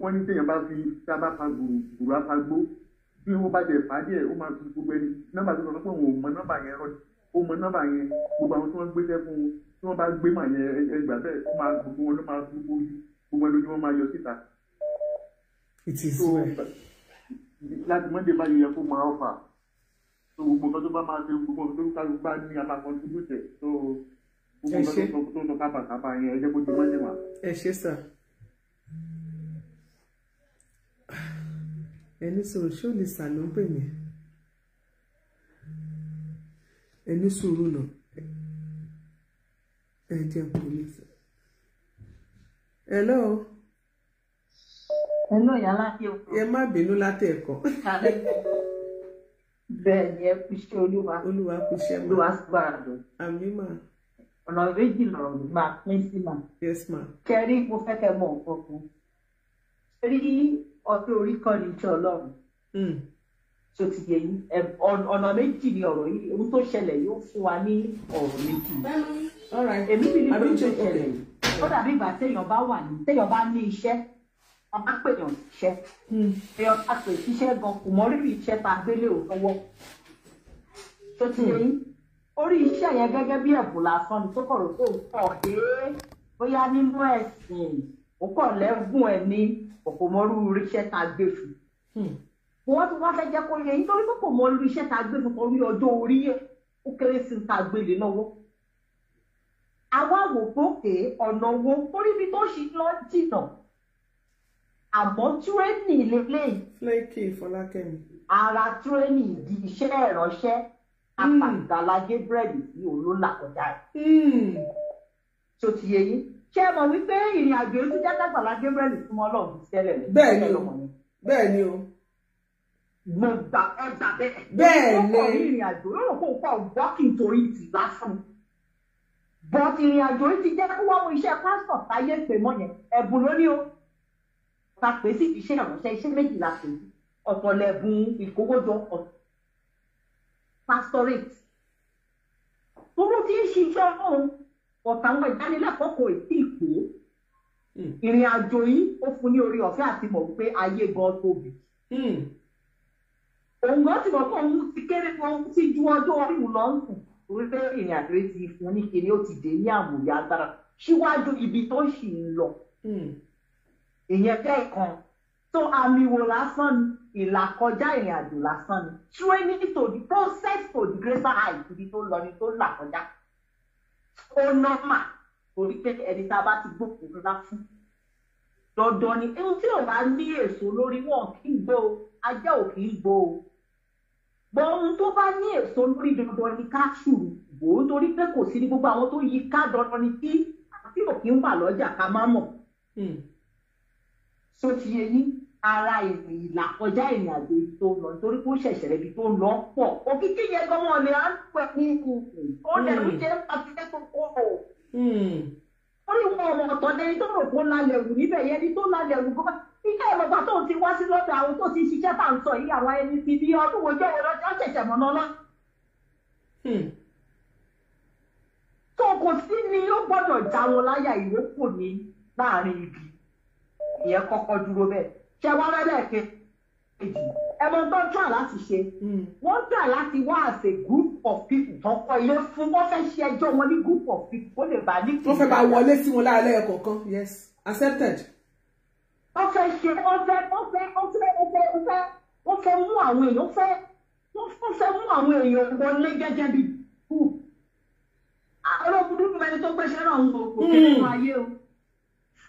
wọ́n ní téèyàn bá fi tá a bá fa bí wọ́n bá jẹ fà ó máa fi gbogbo ẹni nọ́mbà tó sọ pé òun ò mọ nọ́mbà yẹn rọ ó mọ nọ́mbà yẹn gbogbo àwọn tí wọ́n gbéṣẹ́ fún un tí wọ́n bá gbé mà yẹn ẹgbà bẹ́ẹ̀ ó máa gbogbo wọn ló máa gbogbo gbogbo ẹni lójú wọn máa yọ síta. it is so láti mọ́ndé báyìí yẹ kó máa ọ̀fà so gbogbo nǹkan tó bá máa ṣe gbogbo nǹkan tó ń kálukú bá ní abakọ̀ tó dùn tẹ̀ so gbogbo nǹkan tó sọ kábà kábà yẹn ẹ jẹ́ kó di mọ́lẹ̀ wá. ẹ ṣe sà ẹni sọ̀rọ̀ ṣé ò sà ló ń pè mí ẹni sùúrù nà ẹ jẹ́ kó ní sà. hello. hello yàrá kí o. ẹ má bínú látẹ̀kọ́ bẹ́ẹ̀ ni ẹ kú iṣẹ́ olúwa olúwa kú iṣẹ́ mọ́ olúwa gbàdùn. àmín mà. ọ̀nà méjì lọ̀rọ̀ mi máa pín sí mà. yes ma. kẹrí mo fẹ́ kẹ́ mọ̀ nǹkan kan rí ọpẹ́ orí kan ní iṣẹ́ ọlọ́run tó hmm. ti yẹ yín ọ̀nà méjì ni ọ̀rọ̀ yìí ohun tó ṣẹlẹ̀ yóò fún wa ní ọ̀rọ̀ méjì. èmi bí ní kò ṣẹlẹ̀ ó dàbí ìgbà téèyàn bá wà ní téèyàn bá ní iṣẹ́ wọn bá pè yàn ṣiṣẹ́ èèyàn hmm. bá pè ṣiṣẹ́ gan kò mọ rírì iṣẹ́ tá a gbélé ò lọ́wọ́ tó ti yẹ yín orí iṣẹ́ yẹn gẹ́gẹ́ bí ẹ̀bùn lásán ni tó kọ̀rọ̀ tó pọ̀ dé bóyá nínú ẹ̀sìn ó kọ̀ lẹ́gùn ẹ̀ ní kò mọ rírì a gbé fún hmm. wọ́n ti wá fẹ́ jẹ́ kó yẹ nítorí pé kò mọ irú iṣẹ́ tá a gbé fún orí ọjọ́ orí yẹ ó kéré sí ta gbélé lọ́wọ́ àwa wò pókè ọ̀nà wo orí mi tó ṣì lọ jìnnà àmọ́ tírénì lélẹ́yìí. flaky fọlákẹ́mi. ara tírénì di iṣẹ́ ìránṣẹ́ hmm. apàgbàlá Gabriel yìí ò ló là kọjá ẹ̀. tó hmm. ti yé yín ṣé ẹ mọ̀ wípé ìrìn àjò ètò jágbàgbàlá Gabriel súnmọ́ Ọlọ́run tẹ́lẹ̀ rẹ̀. bẹ́ẹ̀ ni o bẹ́ẹ̀ ni o. mo gbà ẹ gbà bẹ́ẹ̀. bẹ́ẹ̀ ni o kò ìrìn àjò yóò kó pa ògbọ́kì torí ti lásán bọ́ọ̀tì ìrìn àjò yìí ti jẹ́ kó wá mú iṣẹ́ pásítọ̀ táyé pè mọ́ yẹn ẹ̀bùn lóní o ta pè sí iṣẹ́ ìrànṣẹ́ iṣẹ́ méjì la pè é ọ̀tọ̀ ìkówójọ pastorate owó tí ń ṣiṣẹ́ ọ̀hún ọ̀tàwọn ìdánilẹ́kọ̀ọ́ kò tí ì kó hmm. ìrìn àjò yìí ó fún ní orí ọ̀fẹ́ àti mọ̀ wípé ayé gan tóbi hmm. òun gan ti mọ̀ pé òun ti kéré kan ti ju ọjọ́ orí òun lọ ń kù torí pé ìrìn àjò yìí ti fún ní kíni ó ti dé ní àmúyá agbára síwájú ibi tó ń ṣì ń lọ. Hmm ìyẹn bẹ́ẹ̀ kan so àmì wò lásán ni ìlàkọjá ìrìn àjò lásán ni training to the process to the greater height ibi tó lọ ni tó là kọjá ó nọ́mà torí pé ẹni tá a bá ti gbókòó ńlá fún dandan ni ohun tí ò bá ní èso lórí wọn kì í gbó o ajá ò kì í gbó o gbọ́ ohun tó bá ní èso lórí dandan ni ká ṣùrù wò ó torí pé kò sí ní gbogbo àwọn tó yí ká dandan ni kí àti òkè ń wà lọ́jà ká má mọ̀. Hmm tó ti yẹ yín ara ìrìn ìlà ìrìn àjò tó lọ nítorí pé ó ṣẹ̀ṣẹ̀ rẹ̀ ibi tó lọ pọ̀ òkìkí yẹn gan-an ni à ń pẹ̀ ní ó lẹ́nu jẹ́ pàṣẹ tó kọ̀ orí wọn ọmọ ọ̀tọ̀ lẹni tó rò kó lálẹ́ òwú níbẹ̀ yẹn ni tó lálẹ́ òwú gbọ́ iṣẹ́ ìrọ̀gbà tó ti wá sí lọ́dọ̀ àwọn tó ti ṣiṣẹ́ bá ń sọ yìí àwọn ẹni ti bí ọdún wo jẹ́ ọlọ́jọ́ ṣẹ̀ṣẹ̀ mọ́ná lọ ìyẹn kọ́kọ́ dúró bẹ́ẹ̀ ṣe wọ́n lẹ́lẹ́kẹ́ èjì ẹ mọ tó ń tà láti ṣe hmm. wọ́n tà láti wá as group of people tó kọ́ ilé fún wọ́n fẹ́ ṣe ẹjọ́ wọn ní group of people ó lè bá ní wọ́n fẹ́ bá wọlé sí wọn láàárọ̀ ẹ̀kọ́ kan yes accepted. wọ́n fẹ́ ṣe wọ́n fẹ́ wọ́n fẹ́ wọ́n fẹ́ wọ́n fẹ́ wọ́n fẹ́ wọ́n fẹ́ mú àwọn èèyàn fẹ́ wọ́n fẹ́ mú àwọn èèyàn wọlé gẹ́gẹ́ bí kú. àrò burúkú ẹni tó gbéṣẹ́ náà ń gbòòkò hmm. nínú ayé o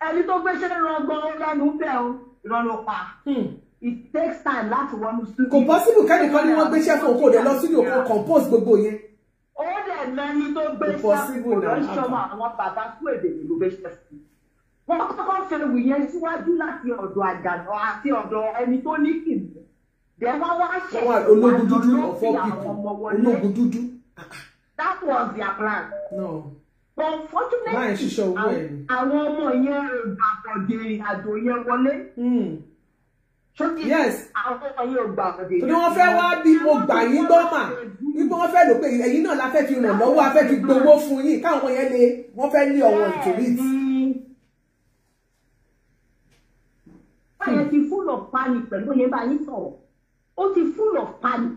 ẹni tó gbéṣẹ́ rọgbọ́n lẹ́nu bẹ́ẹ̀ o irọ́ ló pa hmm. it takes time láti wọnú studio. kò possible kẹ́nìkan ni wọ́n gbéṣẹ́ fún òkú òde lọ studio kan compose gbogbo yẹn. ó dẹ̀ mẹ́ni tó gbéṣẹ́ fún òdòṣọ́mọ àwọn bàbá fún èdè ìlú gbéṣẹ́ fún. wọ́n kọ́kọ́ ṣe wìyẹn síwájú láti ọ̀dọ̀ àjànà àti ọ̀dọ̀ ẹni tó ní kìnnì. dẹ̀ wọ́n wá ṣe ológun dúdú ọ̀fọ́ pípọ̀ ológun dúdú. that was their plan. No unfortunately àwọn ọmọ yẹn gbà pọ̀dé àjò yẹn wọlé. yes to torí wọ́n fẹ́ wá bí mo gbà yín gbọ́ mà wípé wọ́n fẹ́ lò pé ẹ̀yin náà la fẹ́ fi ràn lọ́wọ́ a fẹ́ fi gbowó fún yín káwọn yẹn lè wọ́n fẹ́ ní ọ̀wọ́n ìtòrí. báyẹn ti full of panic pẹ̀lú oyè bá yín sọ̀rọ̀ ó ti full of panic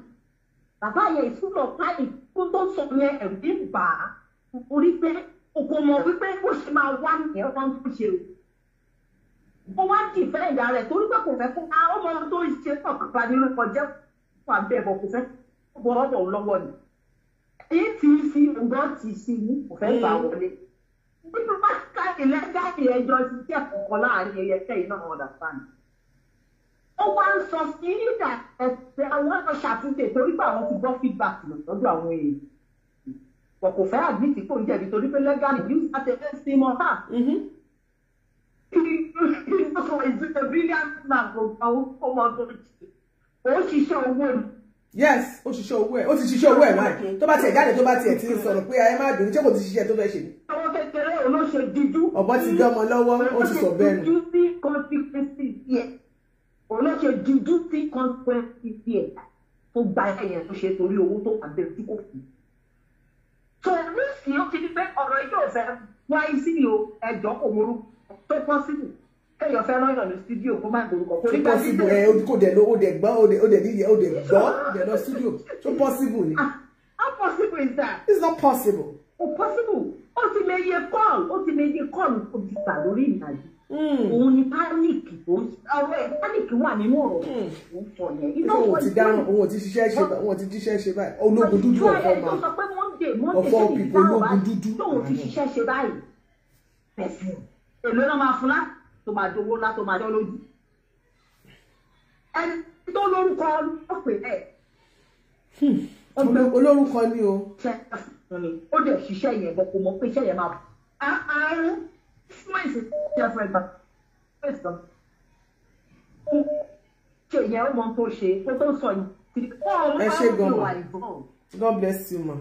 bàbá yẹn full of panic kó tó sọ yẹn ẹ̀rù ń bà á orí pé òkò mọ̀ wípé ó ṣe máa wá nìyẹn wọn tó ṣe o ó wá dì fẹ́ ìyá rẹ̀ torí pé kò fẹ́ fún wa ó mọ ohun tó ń ṣe pọ̀ pàpà nínú kọjá wà bẹ́ẹ̀ bọ̀ kò fẹ́ bọ̀ ọ̀bọ̀ lọ́wọ́ ni èyí tí í ọgbọ́n tí í sí kò fẹ́ gbà wọlé nínú bá ká ìlẹ́gà ìyẹjọ́ ti jẹ́ kọ̀ọ̀kan láàrin ẹyẹ kẹ́yìn náà ọ̀dà sáà ó wá ń sọ sí ìdà ẹ̀sẹ̀ àwọn ọ̀ṣàtúnṣe torí pé àwọn ti gbọ́ feedback lọ́dọ̀ àwọn èèyàn pọ̀ kò fẹ́ àdìtì kò ń jẹ̀bi torí pé lẹ́gàlì yóò ṣàṣẹ fẹ́ sí mọ́ ká. ìṣòro ìṣòro brilliant man owó mọ́ tó yes ti ṣiṣẹ́ owó ẹ̀ máa tó bá tiẹ̀ jáde tó bá tiẹ̀ ti sọ̀rọ̀ pé ayé má bínú ṣé kò ti ṣiṣẹ́ tó fẹ́ ṣe ni. ọwọ́ kékeré olóṣè dídú. ọ̀bọ ti gbé ọmọ lọ́wọ́ ó ti sọ bẹ́ẹ̀ nù. olóṣè dídú sí consequences yẹ tó gba ẹ̀yẹ̀ tó ṣe torí owó tó àbẹ̀ tí kò fún torí sí ó fi ní pé ọ̀rọ̀ yìí ò fẹ́ wáyé sí ni o ẹ̀jọ́ kò morú tó pọ́n síbù kẹyọ fẹ́ràn èèyàn ní sídíò kó má gbórúkọ kó ní bá sídíò. ẹ kò dẹ̀ lówó dẹ̀ gbọ́ ó dẹ̀ níyẹ ó dẹ̀ gbọ́ ó dẹ̀ lọ sídíò tó possible ni. Ah, how possible is that. it's not possible. o possible o ti lè yẹ kọ́ọ̀lù o ti lè yẹ kọ́ọ̀lù o ti gbà lórí ìrìnàjò. Mm. òun ni panic ọ̀rọ̀ ẹ̀ panic wà nínú ọ̀rọ̀ mm. òun sọ yẹn. òun ti dáhùn òun ti ṣiṣẹ́ ṣe báyìí òun ti ṣiṣẹ́ ṣe báyìí ológun dúdú ọ̀fọ́ máa ọ̀fọ́ pípọ̀ ológun dúdú. tóun ti ṣiṣẹ́ ṣe báyìí pẹ̀sì èlò náà máa fún lá tó máa dowó lá tó máa dán lójú. ẹni tó lórúkọ ọ̀pẹ̀ hmm. ẹ̀. olórúkọ ni o. ó dẹ̀ ṣiṣẹ́ yẹn bọ́ kó mọ pé iṣẹ́ yẹn máa bọ̀. àárún Смысл, я в этом. Смысл. Ṣé ìyẹn ó mọ ohun tó ṣe ó tó sọ yìí. Ẹ God bless you ma.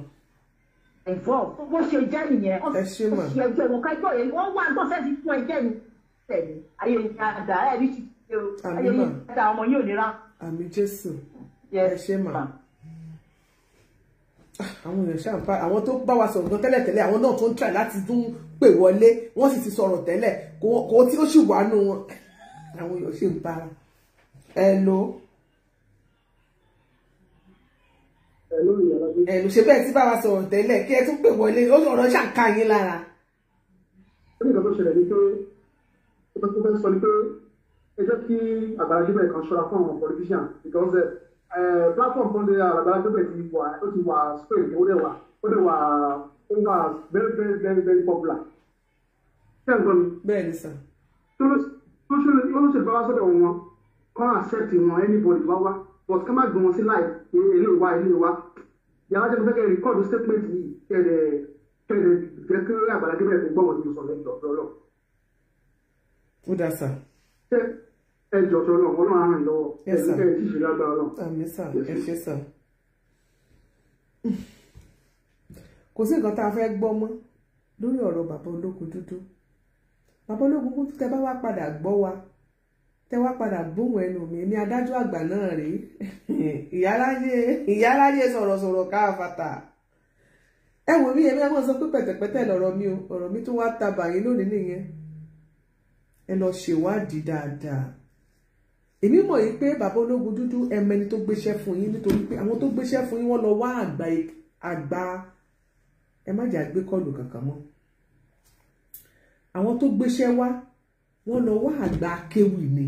Ẹ̀fọ́ bó ṣe jẹ́ nìyẹn. Ẹ ṣe ma. Ṣé ẹgbẹ́ wọn kájọ yẹn wọ́n wá tó fẹ́ fi fún ẹgbẹ́ mi. Tẹ̀lé ayé ìyá àdá ẹ̀rí ti ṣe o. Ayé ìyá àdá ọmọ yóò nira àwọn èèyàn ṣàǹfà àwọn tó bá wa sọ̀rọ̀ gan tẹ́lẹ̀tẹ́lẹ̀ àwọn náà tó ń try láti tún pè wọlé wọ́n sì ti sọ̀rọ̀ tẹ́lẹ̀ kò tí ó sì wà nù wọn àwọn èèyàn ṣe ń para hello. ẹ̀lú ṣe bẹ́ẹ̀ tí bá wa sọ̀rọ̀ tẹ́lẹ̀ kí ẹ tún pè wọlé ó ọ̀rọ̀ ṣàǹkà yín lára. ó ní ìgbà tó ṣẹlẹ̀ ní pé ó fẹ́ sọ ni pé ẹ jẹ́ kí àgbàlagbé mẹ́ẹ̀kan ṣọ́ra fún àwọn platform tó lè àgbàlá tó bẹ̀ ti wà ó ti wà spain ó dẹ̀ wà ó dẹ̀ wà ó wà very very very very popular. ṣé nǹkan mi. bẹ́ẹ̀ni sà. tó ló ṣe bá wá sọ́dọ̀ wọn kọ́ accept wọn anybody wá wá but ká má gbọ́n wọn sí láì ilé ìwá ilé ìwá yàrá jẹ́ pé kẹ́kẹ́ record statement yìí kẹ́lẹ̀ kẹ́lẹ̀ jẹ́ kí àgbàlá tó bẹ̀ ti gbọ́ wọn ti sọ̀rọ̀ lọ́rọ̀. ó dá sà ẹ jọ̀tọ̀ náà wọ́n máa rìn lọ́wọ́ ẹ̀mí tẹ̀ ẹ̀ ṣíṣe lágbára náà. àmì sà ẹ ṣe sà kò sí nǹkan tá a fẹ́ gbọ́ mọ́ lórí ọ̀rọ̀ bàbá ológun dúdú bàbá ológun kúkú tẹ bá wá padà gbọ́ wa tẹ wá padà gbóhùn ẹnu mi ní adájọ́ àgbà náà rèé ìyáláyé sọ̀rọ̀sọ̀rọ̀ káfàtà ẹ wò mí ẹ̀mí ẹ̀ wọ́n sọ pé pẹ̀tẹ̀pẹ̀tẹ̀ lọ̀rọ̀ mi o ọ̀rọ̀ mi tó wá tabà yín lónìí nìyẹn ẹ lọ ṣèwádìí dáadáa èmi mọ̀ yìí pé bàbá ológun dúdú ẹmẹni tó gbéṣẹ́ fún yín nítorí pé àwọn tó gbéṣẹ́ fún yín wọ́n lọ wá àgbà àgbà ẹ má jà gbé kọlù kankan mọ́ àwọn tó gbéṣẹ́ wá wọ́n lọ wá àgbà akéwì ni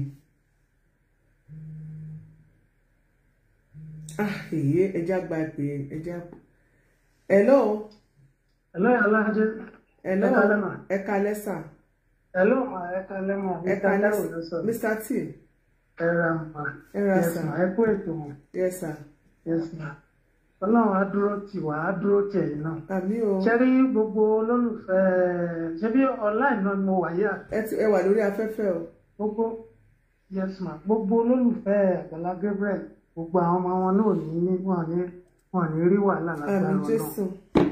ah, èyí ẹja gba ìpè ẹja hello. hello alájẹ. hello ẹka lẹ́sà. hello ẹka lẹ́mọ̀ ẹka lẹ́sà mr t ẹ ra mà ẹ ra sà ẹ kó ètò wọn ẹ ọlọ́run á dúró tì wá á ẹ̀yìn náà. àmì o. ṣe rí gbogbo olólùfẹ́ ṣe bí online náà mo wà yá. ẹ wà lórí afẹ́fẹ́ o. gbogbo yes ma gbogbo olólùfẹ́ Àgbàlá Gabriel gbogbo àwọn ọmọ wọn náà ní wọn ní wọn ní rí wàhálà lágbára náà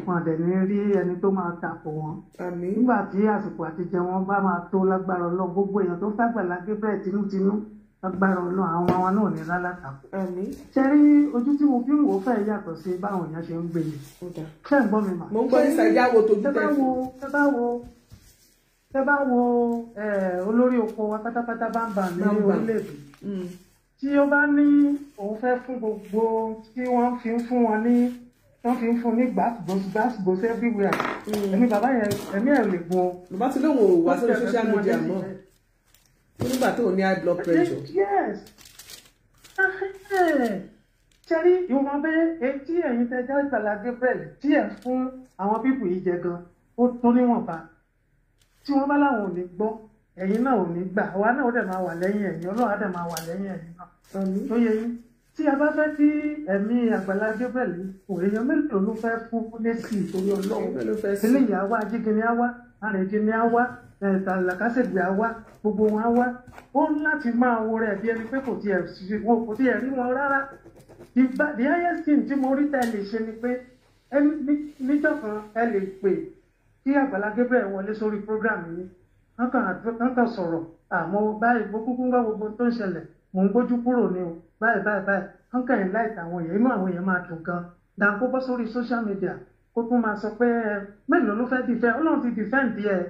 wọn dẹ̀ ní rí ẹni tó máa tako wọn. nígbà tí àsìkò àtijọ́ wọn bá máa tó lágbára ọlọ́run gbogbo èèyàn tó fẹ́ Àgbàlá Gabriel tinútinú agbára ọlọ́run àwọn ọmọ wa náà ní lálàtàkù. ẹ̀mí. ṣe rí ojú tí mo fi ń wò fẹ́ yàtọ̀ sí báwọn èèyàn ṣe ń gbé mi. ṣé ń gbọ́ mi mà. mo ń gbọ́ ní sàjà wo tòjú tẹ̀ fún. tẹ bá wo tẹ bá wo olórí oko wa pátápátá bá ń bà mí ní orílẹ̀-èdè mm. tí ó bá ní òun fẹ́ fún gbogbo tí wọ́n fi ń fún wọn ní wọ́n fi ń fún ní gbàsgbòs gbàsgbòs everywhere mm. ẹ̀mí bàbá yẹn ẹ̀mí ẹ̀ lè gbọ́. bàbá ti lóun ò wá sórí social media mọ́ nígbà tó ní high blood pressure. yes ṣẹ́rí ìwọ̀n bẹ́ẹ̀ tí ẹ̀yin tẹ jẹ́ Àgbàlá Gabriel díẹ̀ fún àwọn pípù yìí jẹ gan ó tún níwọ̀nba tí wọ́n bá láwọn ò ní gbọ́ ẹ̀yin náà ò ní gbà àwa náà ó dẹ̀ máa wà lẹ́yìn ẹ̀yin Ọlọ́run á dẹ̀ máa wà lẹ́yìn ẹ̀yin náà tó yẹ yín tí a bá fẹ́ tí ẹ̀mí Àgbàlá Gabriel kò èèyàn mélòó ló fẹ́ fún lẹ́sìn ìtòrí Ọlọ́run eléyìí á wá ajígiri á wá arìnrìn á wá làkàṣègbè á wá gbogbo wọn á wá ó ń láti máa wo rẹ̀ bí ẹni pé kò tiẹ̀ wọn kò tiẹ̀ rí wọn rárá the highest thing tí mo rí tá ẹ lè ṣe ni pé níjọ́ kan ẹ lè pè kí Àgbàlá Gabriel wọlé sórí program yìí wọ́n kàn sọ̀rọ̀ àmọ́ báyìí mo kúkú ń gbọ́ gbogbo tó ń ṣẹlẹ̀ mò ń gbójú kúrò ní o báyìí báyìí báyìí wọ́n kàn ń láìka àwọn èèyàn inú àwọn èèyàn máa dùn gan dáńkó bọ́ sórí social media kó tún máa sọ pé mélòó ló fẹ́ dìfẹ́ ọlọ́run ti dìfẹ́ǹdì ẹ̀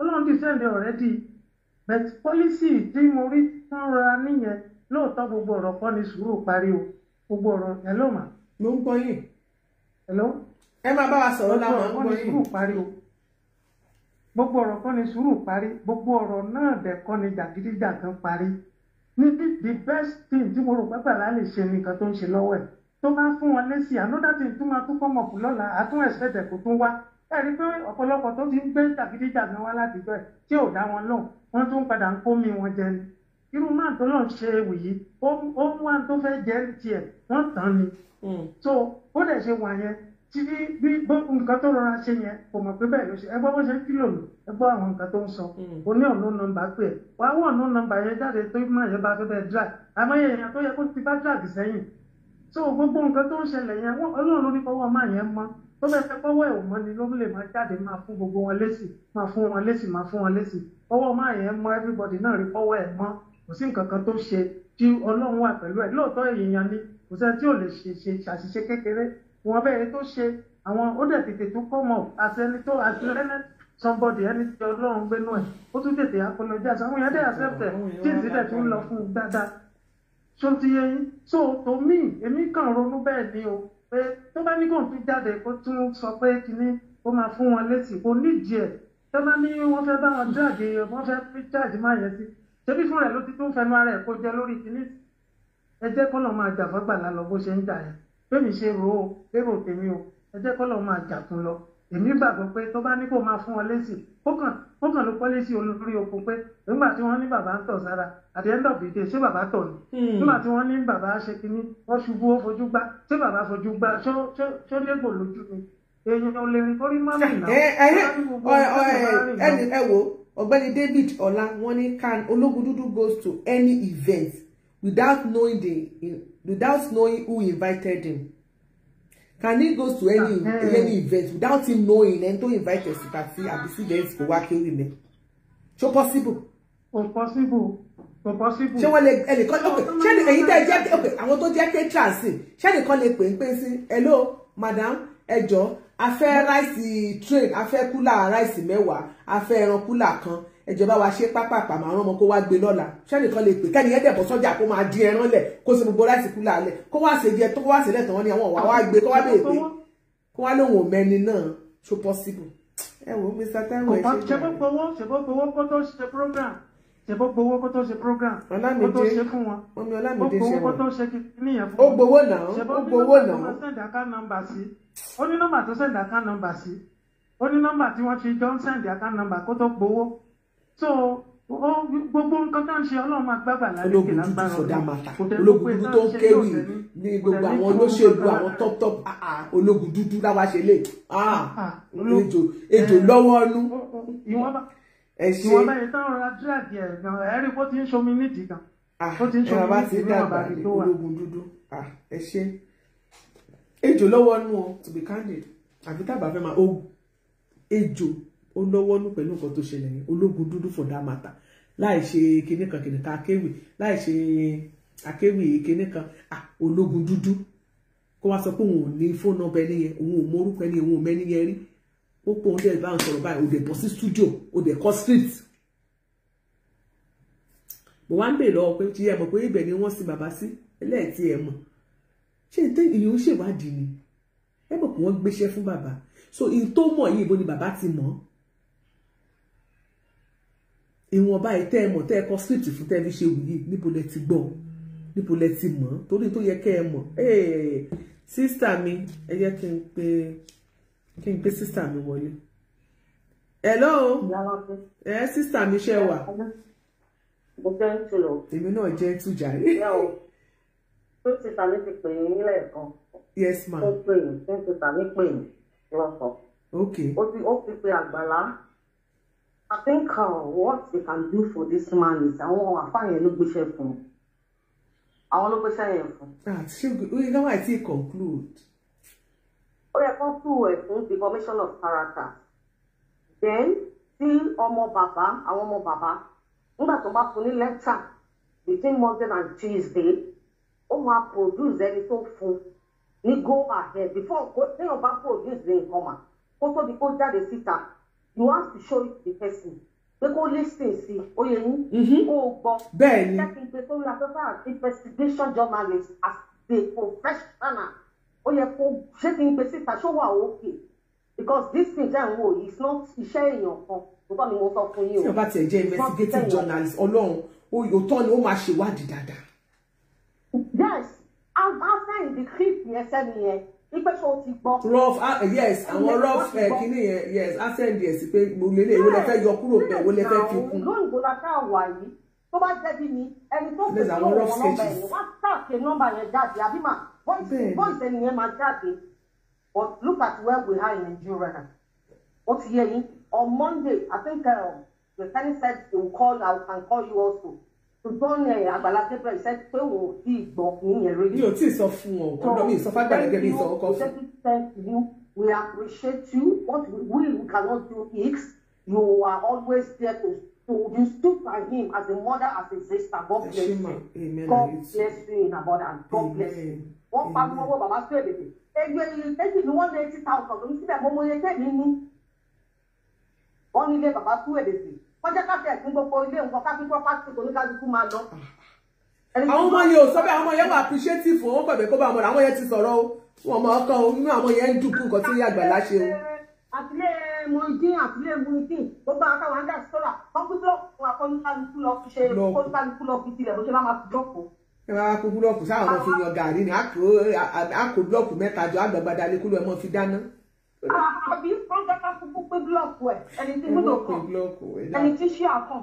ọlọ́run ti sẹ́ndẹ̀ ọ̀rẹ́dì but policy tí mo rí tán ra nìyẹn lóòótọ́ gbogbo ọ̀rọ̀ kọ́ ni sùúrù parí o gbogbo ọ̀rọ̀ hello ma. ló ń gbọ́ yìí. hello. ẹ máa bá wa sọ̀rọ̀ láwọn ń gbọ́ yìí. gbogbo ọ̀rọ̀ kọ́ ni sùúrù parí gbogbo ọ̀rọ̀ náà dẹ̀ kọ́ ni jàgídíjàgan parí ní the best thing tí mo rò pé Àgbàlá lè ṣe nìkan tó ń ṣe lọ́wọ́ ẹ̀ tó bá fún wọn lẹ́sìn another thing tó máa tún come up lọ́la àtún ẹ̀ṣẹ̀dẹ̀ kò tún wá ẹni pé ọ̀pọ̀lọpọ̀ tó ti ń gbé tàbídíjàgbọ́n wá láti bẹ́ẹ̀ tí ò dá wọn lọ wọn tún padà ń kó mi wọn jẹ ni irú máa tó lọ́n ṣe wìyí ó mú wa tó fẹ́ jẹ́ tiẹ̀ wọ́n tàn ni hmm. so ó dẹ̀ ṣe wà yẹn títí bí nǹkan tó rọra ṣe yẹn kò mọ̀ pé bẹ́ẹ̀ ló ṣe ẹgbọ́n bó ṣe ń kílò lò ẹgbọ́n àwọn nǹkan tó ń sọ o hmm. ní ọ̀nà nọ́mbà pé ẹ̀ wá wọ̀ ọ̀nà nọ́mbà yẹn jáde tó má yẹn bá fẹ́ drag àmọ́ èèyàn tó yẹ kó ti bá drag sẹ́yìn so gbogbo nǹkan tó ń ṣẹlẹ̀ yẹn ọlọ́run ní fọwọ́ máa yẹn mọ́ tó bẹ́ẹ̀ fẹ́ pọ́wọ́ ẹ̀wọ̀n mọ́ni ló lè máa jáde máa fún gbogbo wọn lésì máa fún wọn lésì máa fún wọn lésì ọwọ́ máa yẹn mọ everybody náà rí pọ́wọ́ ẹ̀ mọ́ kò sí nǹkan kan tó ṣe tí ọlọ́run wà pẹ̀lú ẹ̀ lóòótọ́ èèyàn ni kò sẹ́ni tí ò lè ṣe ṣe ṣàṣìṣe kékeré wọn bẹ́ẹ̀ tó ṣe àwọn ó dẹ̀ tètè tó kọ́ mọ̀ àti ẹni tó àti ẹni somebody ẹni tí ọlọ́run gbénú ẹ̀ ó tún tètè apologize àwọn èèyàn dẹ̀ accept ẹ̀ tí ìdí dẹ̀ tún lọ fún un dáadáa ṣó ti yẹ yín so to me èmi kàn ronú bẹ́ẹ̀ ni o pé tó bá ní kò fi jáde kó tún sọ pé kínní kó máa fún wọn létí kò nídìí ẹ̀ tó bá ní wọ́n fẹ́ bá wọn jáde wọ́n fẹ́ fi jáde má yẹn sí ṣébí fún rẹ̀ ló ti tún fẹnu ara ẹ̀ kó jẹ lórí kínní ẹ jẹ́ kọ́ lọ́ máa jà fọ́gbà lálọ́ bó ṣe ń jà yẹn bẹ́ẹ̀ ṣe rò ó bẹ́ẹ̀ rò tèmi o ẹ jẹ́ kọ́ máa jà fún lọ èmi gbàgbọ́ pé tó bá ní kó máa fún ọ lésì ó kàn ló kọ́ lésì olórí oko pé nígbà tí wọ́n ní bàbá ń tọ̀ sára àti end of ṣé bàbá tọ̀ ni hmm. nígbà tí wọ́n ní bàbá ṣe kínní wọ́n ṣubú ó fojú gbá ṣé bàbá fojú gbá ṣó lébò lójú ni èèyàn ò lè rìn kórí má eh, eh, eh, rìn náà. ẹ wo ọ̀gbẹ́ni David Ọlá wọ́n ní can Ológundúdú goes to any event without knowing the without knowing who invited him can he go to any uh any event without him knowing eh, and tó invite us ẹ̀sìn pàtí àbí students kò wá kéré mẹ́ ṣó possible. kò oh, possible kò oh, possible. ṣé wọ́n lè ẹnìkan ok oh, ṣé èyí tẹ́ ẹ jẹ́ ok àwọn tó jẹ́ pé transin ṣé ẹnìkan lè pè ń pè sí hello madam ẹjọ́ a fẹ́ ráìsì train a fẹ́ kúlà ráìsì mẹ́wàá a fẹ́ ẹran kúlà kan ẹjọba wa ṣe pápápá màá rán ọmọ kó wá gbé lọ́la ṣẹ́nìkan lè pè kẹ́niyẹn dẹ̀ bọ́ sọ́jà kó máa dín ẹran lẹ̀ kó sì gbogbo láti kú láàlẹ̀ kó wá ṣe jẹ tó wá sílẹ̀ tán wọ́n ní àwọn ọ̀wá wá gbé kó wá bèè pé kó wá lóun ò mẹ́ni náà ṣó possible. ẹ wo Mr. Taiwo ẹ ṣe jẹ. ṣe bó gbowó ṣe bó gbowó kó tó ṣe program ṣe bó gbowó kó tó ṣe program kó tó ṣe fún wọn ó gbowó kó tó ṣe níyẹn fún wọn ó gbowó náà ó gbowó náà ó ní nọ́mbà tó sẹ̀dá account number sí ó ní nọ́mbà tí wọ́n fi jọ ń sẹ̀dá account number kó tó gbowó so gbogbo nǹkan tó ń ṣe ọlọ́run agbábà lálékè lágbára ọ̀dọ́ ah, ológun dúdú tó ń kéwì ní gbogbo àwọn olóṣèlú àwọn top top ológun dúdú láwa ṣe lè ejò ejò eh, lọ́wọ́ ọnú. ìwọ̀nba yìí táwọn ra díráàdì ẹ̀ gan ẹ̀rí kó ti ń ṣomi nídìí gan ah, ó ti ń ṣomi nídìí ní ọ̀bà mi tó wà. ológun dúdú ah, ẹ ṣe ejò lọ́wọ́ ọnú o to be ó lọ́wọ́ nù pẹ̀lú nǹkan tó ṣẹlẹ̀ yẹn ológun dúdú for that matter láì ṣe kinní kan kinní kan akéwì láì ṣe akéwì kinní kan ah ológun dúdú kó wá sọ pé òun ò ní fóònù ọbẹ nìyẹn òun ò mọ orúkọ ẹni òun ò mẹ́ni yẹn rí ó pọ̀ òun dẹ̀ bá ń sọ̀rọ̀ báyìí ò dẹ̀ sí studio ò dẹ̀ kọ́ street mo wá ń bè lọ́wọ́ pé ti yẹ mọ̀ pé ibẹ̀ ni wọ́n sin bàbá sí ẹlẹ́ẹ̀tì ẹ̀ mọ̀ ṣé ìtẹ́ ìyẹn ń ṣèwádìí ni ẹ mọ̀ pé wọ́n gbéṣẹ́ fún bàbá so ìyẹn tó mọ̀ yìí ibo ni bàbá ti mọ̀ ọ́ ìwọ̀nba ìtẹ́ ẹ mọ̀ tẹ́ ẹ kọ script fún tẹ́ ẹ fi ṣe wù yìí níbo lẹ ti gbọ́ níbo lẹ ti mọ̀ torí tó yẹ kẹ́ ẹ mọ̀ sísítà mi ẹ yẹ kí n pe kí n pe sísítà mi wọlé hello ẹ sísítà mi ṣe wà mo jẹ́ ń tu lọ. èmi náà jẹ́ ń tu jàre. ìyá o tó ti tàbí ti pè yín lẹ́ẹ̀kan. yes ma. ó pè yín tó ti tàbí pè yín lọ́sàn. ok. ó ti ó ti pe àgbàlá I think uh, what they can do for this man is àwọn àfààyàn ló gbéṣẹ́ fún un. Àwọn ló gbéṣẹ́ yẹn fún. Ah, ṣé ìgbà wà tí conclude? Ó yẹ kó tú ẹ̀ fún the formation of character. Then tí ọmọ bàbá àwọn ọmọ bàbá nígbà tó bá fún ní lẹ́tà between Monday and Tuesday ó máa produce ẹni tó fún ní go ahead before téèyàn bá produce ní nǹkan mà kó tó di kó jáde síta you want to show it to the person pé kó listen sí ó yẹ yín mm-hmm. kó o gbọ́ bẹ́ẹ̀ ni jẹ́kí n pe sórí afẹ́fẹ́ as investigation journalist as the professional ó yẹ kó ṣé kí n pe síta ṣó wà òkè because this thing jẹ́ ìwò yìí it's not iṣẹ́ èèyàn kan nǹkan ni mo sọ fún yín o. tí o bá tiẹ̀ jẹ́ investigative journalist ọlọ́run òótọ́ ni ó máa ṣèwádìí dáadáa. yes after the clip yẹn sẹ́ni yẹn wípé ṣé o ti rough uh, yes àwọn rough eh, kìíní yẹn yes accent yẹn sí pé mo lè lè wo lè fẹ́ yọ kúrò bẹ́ẹ̀ wo lè fẹ́ fi kún. lóyìnbó la ká wà yìí tó bá jẹ́ bí mi ẹni tó pè sí òun nọ́mbà yẹn wọ́n tàkì nọ́mbà yẹn jáde àbí mà voice ẹni máa jáde but look at where we are in Nigeria ó ti yẹ yín on Monday I think um, the senate said they will call out and call you also ṣùgbọ́n ní Àgbàlá Gabriel ṣe pé wò ó tí gbọ́ nìyẹn lórí. mi ò tí ì sọ fún ọ ọdọ mi sọ fágbà gẹ́gẹ́ sọ ọkọ fún. thank you we appreciate you what we we cannot do it you are always there to to you stood by him as a mother as a sister God bless you God bless you in abundance God bless you. wọ́n pa mọ́ bàbá tó èdè ẹgbẹ́ ẹgbẹ́ ni wọ́n lé eighty thousand síbẹ̀ mo mọ iye ní wọ́n nílé bàbá tó èdè sí wọ́n jẹ́ káfíà ìpín gbogbo ilé nǹkan káfí property kò ní kálukú máa lọ. àwọn ọmọ yẹn ò sọ pé àwọn ọmọ yẹn wà appreciative fún wọn pẹ̀lú kó bá ọmọdé àwọn yẹn ti sọ̀rọ̀ o wọn mọ ọkọ o inú àwọn yẹn ń dùn fún nǹkan tí ìyá àgbàlá ṣe o. àtìlẹ́ mọ̀ndín àtìlẹ́ mọ̀ndín gbogbo àwọn káwọn andá sọ́là wọ́n kú blọ́ọ̀kù akọ́nukálukú lọ fi ṣe kọ́nukálukú lọ fi tilẹ̀ bó ṣe máa fi blọ́ọ̀kù. ẹ máa kó blọ́ọ̀kù sáwọn ọmọ fi yan gàrí ni àkó blọ́ọ̀kù mẹ́ta jọ àgbàgbàdà lè kúlò ẹ̀ mọ́ fi dáná àbí ọjọ́ ká kúkú pé búlọ̀kù ẹ̀ ẹni tí múlò kàn ẹni tí ṣí àkàn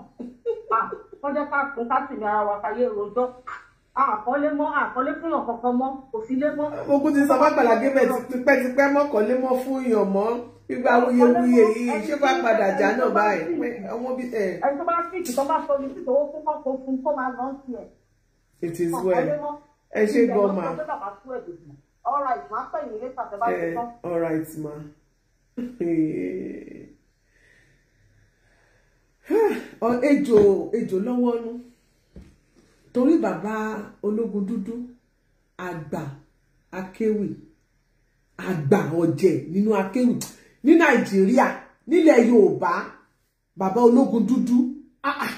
ọjọ́ ká kún ká sì ní ara wa fàyè rojọ́ àkọlé mọ́ àkọlé fún yàn kankan mọ́ kò sí lé mọ́. ogun ti sọ pápálá gébẹ̀ tipẹ́tipẹ́ mọ́kànlé mọ́ fún yàn mọ́ gbígbà awuyewuye yìí ṣé bá padà jà náà báyìí ọmọ bí ẹ. ẹni tó bá fíìkì tó bá sọ ní títò owó fún kọ́kọ́ fún kó máa lọ́ọ́ sí ẹ̀. it is well ẹ ṣe gan ma. ọkọ̀ lé mọ́ all right ma pè yín lépa tẹ́ bá ti eh, tán. all right ma. Eh, ejò ejò lọ́wọ́ nú torí bàbá ológun dúdú àgbà akéwì àgbà ọ̀jẹ̀ nínú akéwì ní nàìjíríà nílẹ̀ yorùbá bàbá ológun dúdú ẹ ah, ah,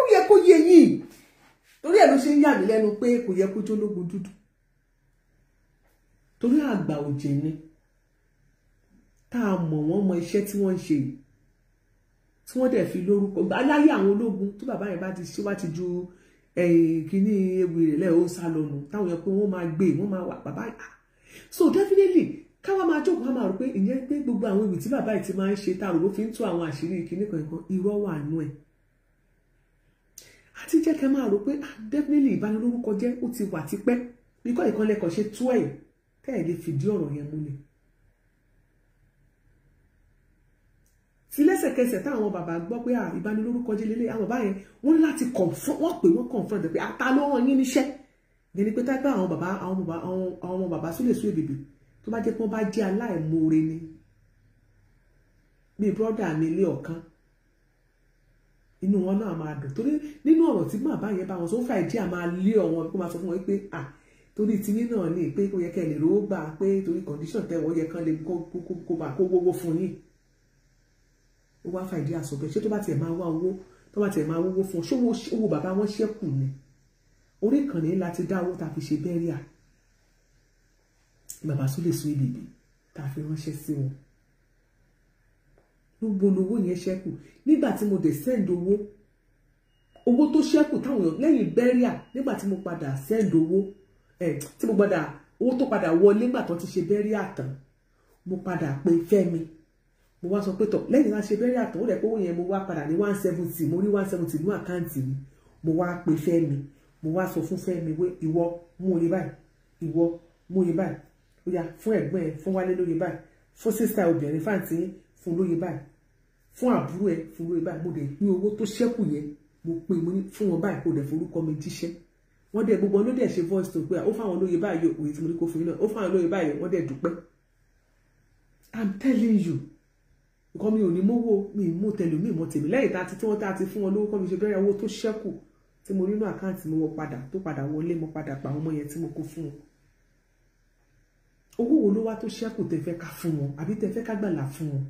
ó yẹ kó yé yín torí ẹ̀ ló ṣe ń yà mí lẹ́nu pé kò yẹ kó jólógun dúdú torí àgbà òjè ni tá a mọ̀ wọ́n mọ iṣẹ́ tí wọ́n ń ṣe yìí tí wọ́n dẹ̀ fi lórúkọ aláyé àwọn ológun tó bàbá yẹn bá ti ṣe wá ti ju kíní ewì rẹ̀ lẹ́ẹ̀ ó ń sá lọ́nu táwọn yẹn pé wọ́n máa gbé wọ́n máa wà bàbá ah. so definitely káwa máa jókòó ká máa rò pé ìyẹn pé gbogbo àwọn ewì tí bàbá yìí ti máa ń ṣe tá a rò ó fi ń tú àwọn àṣírí kíní kankan irọ́ wà nú ẹ̀ àti jẹ́ kẹ́ máa rò pé ah, definitely ìbanilórúkọ jẹ́ ó ti wà tipẹ́ bí kọ́ ìkànlẹ̀ kan ṣe tú ẹ̀yìn ẹ lè fìdí ọ̀rọ̀ yẹn múlẹ̀ tí lẹ́sẹ̀kẹsẹ̀ táwọn bàbá gbọ́ pé ìbanilórúkọ jẹ́ lélẹ̀ àwọn bàbá yẹn wọ́n láti confront wọ́n pè wọ́n confront pé ata ló ràn yín níṣẹ́ ẹni pé tápẹ́ àwọn bàbá àwọn ọmọ bàbá sílẹ̀ sún èbèbè tó bá jẹ́ pé wọ́n bá jẹ́ aláìmoore ni bíi bọ́dà mi ilé ọ̀kan inú wọn náà máa dùn torí nínú ọ̀rọ̀ tí màbá yẹn bá wọn sọ fà ìdí à máa lé ọ̀wọ́n kó máa sọ fún wọn pé ah torí tiyín náà ní pé kó yẹ kẹ́ lè rówó gbà pé torí condition tẹ́wọ́ yẹ kán lè kó bá kó gbogbo fún yín ó wá fàìdí àsọpẹ ṣé tó bá tiẹ̀ máa wá owó tó bá tiẹ̀ máa wówó fún ọ ṣówó owó bàbá wọn ṣẹ́kù ni orí ìkànnì láti dá owó tá a fi ṣe bẹ́ríà bàbá tó lè sún ibìbì tá a fi ránṣẹ́ sí wọn gbogbo owó yẹn ṣẹ́kù nígbà tí mo dẹ̀ send owó owó tó ṣẹ́kù táwọn èèyàn lẹ́yìn bẹ́ríà nígbà tí mo padà send owó Eh, tí mo gbọ́dọ̀ owó tó padà wọlé ńgbà tó ti ṣe bẹ́rí àtàn mo padà pé fẹ́mi mo wá sọ pé tọ̀ lẹ́yìn náà ṣe bẹ́rí àtàn ó rẹ̀ pé owó yẹn mo wá padà ní one seventy mo rí one seventy ní àkáǹtì mi mo wá pé fẹ́mi mo wá sọ fún fẹ́mi wé ìwọ mú oye báyìí ìwọ mú oye báyìí ó yá fún ẹ̀gbọ́n ẹ fún wálé lóye báyìí fún sísá obìnrin fáǹtì fún lóye báyìí fún àbúrò ẹ fún lóye báyìí mo dẹ̀ pín owó tó ṣẹ́kù yẹn mo pín mo fún wọn báyìí kó dẹ̀ forúkọ mi jíṣẹ́ wọ́n dẹ̀ gbogbo ló dẹ̀ ṣe voice tó pé ah, ó fáwọn olóye báyìí òye tí mo ní kó fún yín náà ó fáwọn olóye báyìí wọ́n dẹ̀ dúpẹ́ i'm telling you nǹkan mi ò ní mówó mi ì mú tẹlẹ mi ì mọ tèmi lẹ́yìn tá a ti tí wọ́n tá a ti fún wọn lówó kọ́ mi ṣe bẹ̀rẹ̀ owó tó ṣẹ́kù tí mo nínú àkáǹtì mi wọ padà tó padà wọlé mo padà pa àwọn ọmọ yẹn tí mo kó fún wọn owó wo ló wá tó ṣẹ́kù tẹ́ fẹ́ ká fún wọn àbí tẹ́ fẹ́ ká gbàlà fún wọn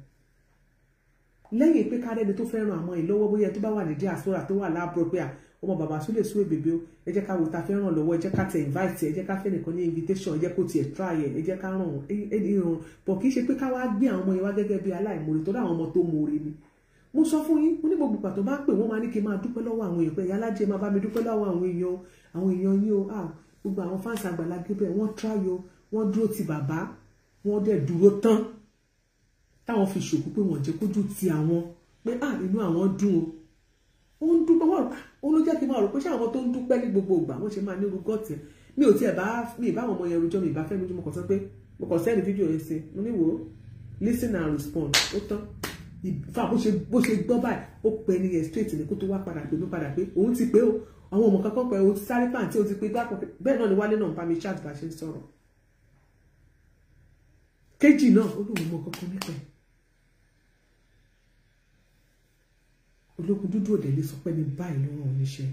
lẹ́yìn pé ká rẹ́ni tó fẹ́ràn àwọn ìlọ́wọ́ bóyá tó bá wà ní díàsóra tó wà láàbọ̀ pé à ah, ọmọ bàbá Sule Suebebe o ẹ jẹ́ ká wo ta fẹ́ ràn lọ́wọ́ ẹ jẹ́ ká tẹ invite ẹ jẹ́ ká fẹ́ nìkan ní invitation ẹ jẹ́ kó tiẹ̀ try ẹ ẹ jẹ́ ká ràn ìràn pọ̀ kì í ṣe pé ká wá gbé àwọn ọmọ yẹn wá gẹ́gẹ́ bí aláìmoore tó dá ọmọ tó moore ni mo sọ fún yín mo ní gbogbo pàtó bá pè wọ́n máa ní kí n máa dúpẹ́ lọ́wọ́ àwọn èèyàn pé ìyá alájẹ máa bá mi dúpẹ́ lọ́wọ́ àwọn èèyàn àwọn èèyàn yín o ah gbogbo àwọn fáǹsì Àgbàlá Gabriel wọ́n try o wọ́n dúró ti bàbá wọ́n dẹ̀ dúró tán táwọn fi ṣòkú pé wọ́n jẹ́ kójú ti àwọn pé ah inú àwọn dùn o ó ń dúpẹ́ wọ́n ó ló jẹ́ kí n máa rò pé ṣé àwọn tó ń dúpẹ́ ní gbogbo ìgbà wọ́n ṣe máa nírú gọ́ọ̀tì mi ò tiẹ̀ bá mi ìbá àwọn ọmọ yẹn rojọ́ mi ìbá fẹ́ mi jù mo kàn sọ pé mo kàn sẹ́ni fídíò yẹn sí mo ní wò ó listen and respond ó tán ìfà bó ṣe bó ṣe gbọ́ báyìí ó pè ní yẹn straight ní kó tó wá padà pé mi padà pé òun ti pé o àwọn ọmọ kankan pẹ̀ o ti sáré pàǹtí o ti pé gbà pọ̀ bẹ́ẹ̀ náà ni wálé náà ń bá mi chat bá ṣe ń sọ̀rọ̀ kejì náà ó lóun mọ kankan nípa ẹ̀ ológun dúdú òde lè sọ pé ní báyìí ló ràn níṣẹ́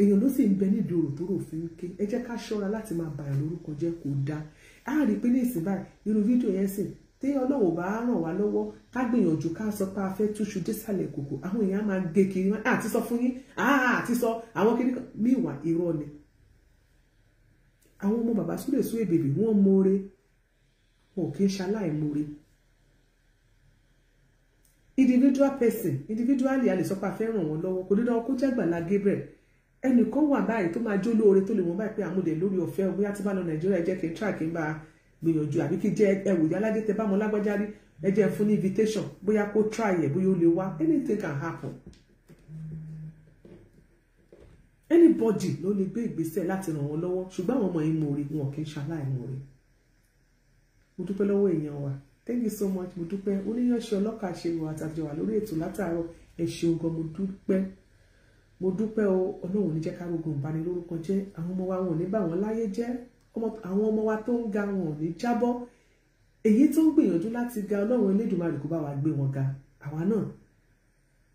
èèyàn ló sì ń bẹ nídìí òròtòrò fi ń ké ẹ jẹ́ ká ṣọ́ra láti máa bàyàn lórúkọ jẹ́ kó dáa á rí i pé ní ìsìn báyìí irú fídíò yẹn sìn tí ọlọ́wọ́ bá ràn wá lọ́wọ́ ká gbìyànjú ká sọ pé a fẹ́ túṣu désàlẹ̀ kòkò àwọn èèyàn máa gé kiri wọn àti sọ fún yín àti sọ àwọn kiri kan míwà irọ́ ni àwọn ọmọ bàbá súlẹ̀ sún èbèbè wọ́n mọ̀ọ́rẹ́ wọn ò kí ń ṣaláìmọ̀ọ́rẹ́ individual person individually a lè sọ pé a fẹ́ ràn wọ́n lọ́wọ́ kò dídán kó jẹ́ Àgbàlá Gabriel ẹnìkan wà báyìí tó máa jó lóore tó lè mọ báyìí pé àmúdè lórí ọ̀fẹ́ bóyá tí bá lọ Nàìjíríà ẹ jẹ́ kí n tra kí n bá gbìyànjú àbí kí jẹ́ ẹwò yálàjẹ tẹ bá lágbájá rí ẹ jẹ́ fún ní invitation bóyá kó try ẹ bóyá ó lè wá anything can happen anybody ló lè gbé ìgbésẹ̀ láti ràn wọ́n lọ́wọ́ ṣùgbọ́n àwọn ọmọ yìí mòore wọn kì í ṣaláìmòore mo dúpẹ́ lọ́wọ́ èèyàn wa thank you so much mo dúpẹ́ oníyanṣẹ́ ọlọ́kà ṣerun àtàjọ wà lórí ètò látàárọ̀ ẹ ṣeun gan mo dúpẹ́ mo dúpẹ́ o ọlọ́run ní jẹ́ ká rogun ìbanilórúkọ jẹ́ àwọn ọmọ wa wọn ò ní bà wọ́n láyé jẹ́ àwọn ọmọ wa tó ń ga wọn ò ní jábọ́ èyí tó ń gbìyànjú láti ga ọlọ́run elédùnmarè kó bá wa gbé wọn ga àwa náà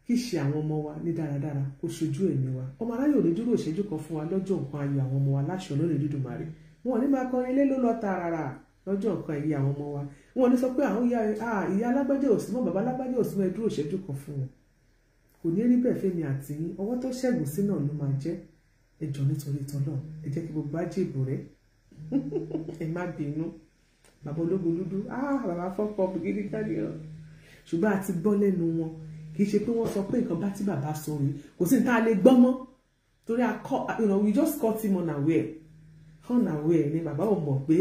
kì í ṣe àwọn ọmọ wa ní dáradára kó ṣojú ẹ̀mí wa ọmọ aráyè ò ní dúró ìṣẹ́jú kan fún wa lọ́jọ́ nǹkan ayọ̀ àwọn ọmọ wa láṣọ lórí elédùnmarè wọn ò ní máa kọrin lé ló lọ tààràrà lọ́jọ́ nǹkan ẹ̀yẹ àwọn ọmọ wa wọn ní sọ pé àwọn ìyá alágbájá ò sí mọ́ bàbá alágbájá ò sí mọ́ ẹ dúró ìṣẹ́jú kan fún wọn kò ní rí bẹ́ẹ̀ fẹ́mi àti yín ọwọ́ tó ṣẹ́gun sí náà ló máa jẹ́ ẹjọ́ nítorí tọ́lọ̀ ẹ jẹ́ kí gbogbo ajé ìbò rẹ ẹ má bínú bàbá ológun dúdú bàbá fọ́pọ̀ gidi káàdì ọ ṣùgbọ́n a gbọ́ lẹ́nu wọn kì í ṣe pé wọ́n sọ pé nǹkan bá tí bàbá sọ rí kò sí nǹkan a gbọ́ mọ́ torí a kọ́ you know we just caught him unaware unaware ni bàbá ò mọ̀ pé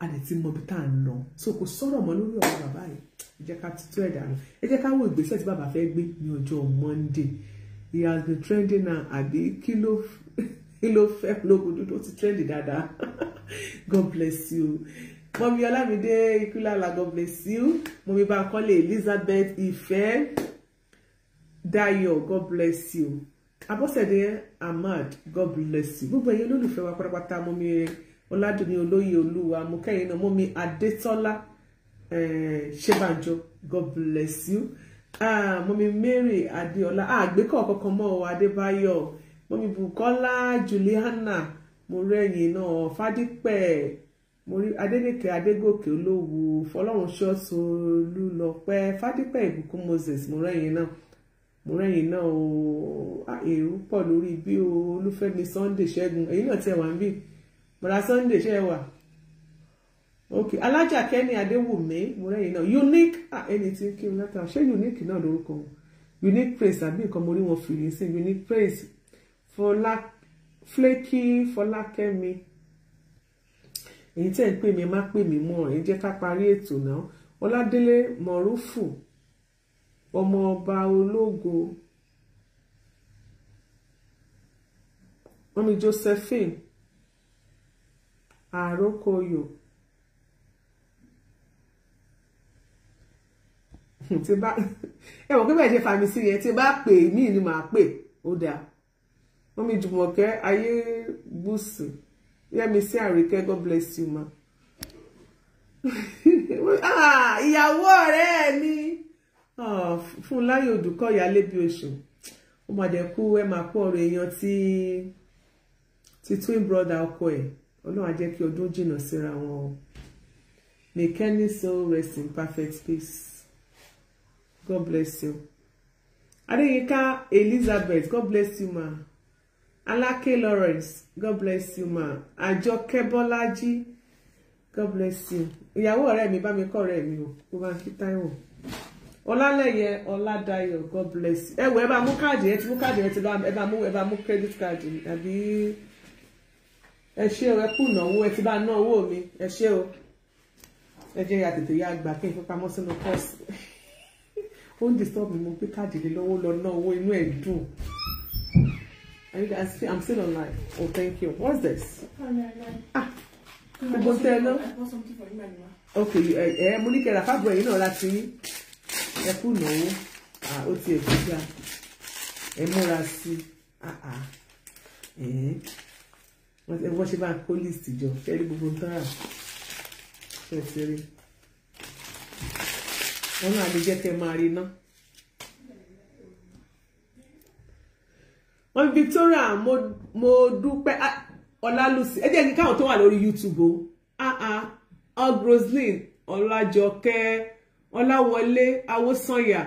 a dẹ̀ ti mọ ibi tá à ń lọ so kò sọ̀rọ̀ mọ́ lórí ọ̀rọ̀ bàbá yìí ẹ jẹ́ ká tutù ẹ̀dà lọ ẹ jẹ́ ká wo ìgbésẹ̀ tí bàbá fẹ́ gbé ní ọjọ́ Monday he has been trending now àbí kí ló kí ló fẹ́ lógun dúdú ó ti trend dáadáa God bless you mọ̀mí Ọlámídé Ikúlàlà God bless you mọ̀mí Bánkọ́lé Elizabeth Ife, Dayo, God bless you Abọ́sẹ̀dé Ahmad God bless you gbogbo ẹ̀yin olólùfẹ́ wa pátápátá mọ̀mí rẹ̀ ọládùnní olóyè olúwa mukẹyìn náà mọmi adétọ́lá eh, ṣébàjọ god bless you ah, mọmi mary adéọlá ah, àgbékọ kankan mọ ọ adébáyọ mọmi bukola juliana morẹyìn náà fadípẹ mori adélékè adégòkè olówó fọlọ́run ṣọọṣọ olúlọpẹ fadípẹ ìbùkún moses morẹyìn náà mọ̀rẹ́yìn náà o ah, èrò pọ̀ lórí bí olúfẹ́mi sunday ṣẹ́gun èyí náà tiẹ̀ wá ń bì bọ̀dá Sunday ṣe é wà ok alájà kẹ́ni adéwùmí mọ̀rẹ́yìn náà unique ah ẹni tí kí n lẹ́tà ṣé unique náà lórúkọ wọn unique praise àbí nǹkan mo rí wọn fìrí sí unique praise fọlá flaky fọlákẹ́mi èyí tẹ́ ń pè mí má pè mí mọ́ ẹ̀ jẹ́ ká parí ètò náà ọládélé mọ̀rúfù ọmọ ọba ológo mọ́mí josephine àrókoyò tí bá ẹ mọ̀ pé bẹ́ẹ̀ ṣe fàmì sí yẹn tí bá pè mí ni màá pè ó dáa wọ́n mi jùmọ̀kẹ́ ayé bùsù yẹ́mi sí àríkẹ́ God bless you ma ah, ìyàwó ọ̀rẹ́ mi ah, fún láyé òdùkọ́ ìyálé bí oṣù ó mà dẹ̀ kú ẹ máa kú ọ̀rọ̀ èèyàn tí tí twin brother ọkọ ẹ̀ ọlọ́run á jẹ́ kí ọdún jìnnà síra wọn o may Kenny soul rest in perfect peace god bless you adeyinka elizabeth god bless you ma alake lawrence god bless you ma àjọkẹ́ bọ́lájí god bless you ìyàwó ọ̀rẹ́ mi bá mi kọ́ ọ̀rẹ́ mi o kó bá ń kí ọlálẹyẹ ọládayọ̀ god bless you ẹ wọ ẹ bá mú káàdì ẹ ti mú káàdì ẹ ti lọ ẹ bá mú ẹ bá mú credit card àbí ẹ ṣé o ẹ kú ìnáwó ẹ ti bá ná owó mi ẹ ṣé o ẹ jẹ́ ya tètè ya gbà kí n sínú pọ́ọ̀sì ó ń disturb mi mo gbé káàdì lé lọ́wọ́ lọ ná owó inú ẹ̀ dùn are you guys still i'm still online oh thank you what's this ah gbogbo tẹ ẹ lọ ok ẹ ẹ eh, eh, mo ní kẹrẹ àfàbọ ẹ̀yin náà láti ẹ kú ìnáwó ah ó ti ẹ̀ gbígbà ẹ múra sí ah ah wọ́n ṣe máa kó list jọ kẹ́rí gbogbo tán rà ṣe ti rí wọn náà lè jẹ́ kẹ́ máa rí ná. wọ́n Victoria mo mo dúpẹ́ ah, Ọlálùsí ẹ jẹ́ kí káwọn tó wà lórí YouTube o ah ah all Roslyn Ọlájọkẹ́ Ọláwọlé Awósànyà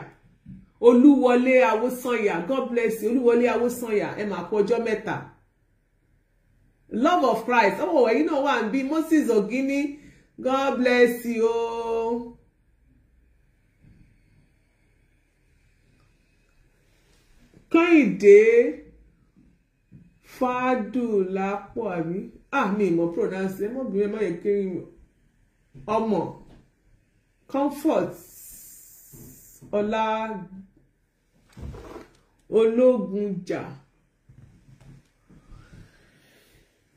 Olúwọlé Awosanya. God bless you Olúwọlé Awosanya. ẹ máa kú mẹ́ta love of Christ oh you know wà Be Moses or Ogini God bless you ooo. Kẹ́hìndé Fádùlápọ̀ àbí àmì ah, ìmọ̀ pronounce ẹ̀ mọ́bìnrin ẹ̀ má yẹ kiri ọmọ comfort ọlá ológunjà. Ja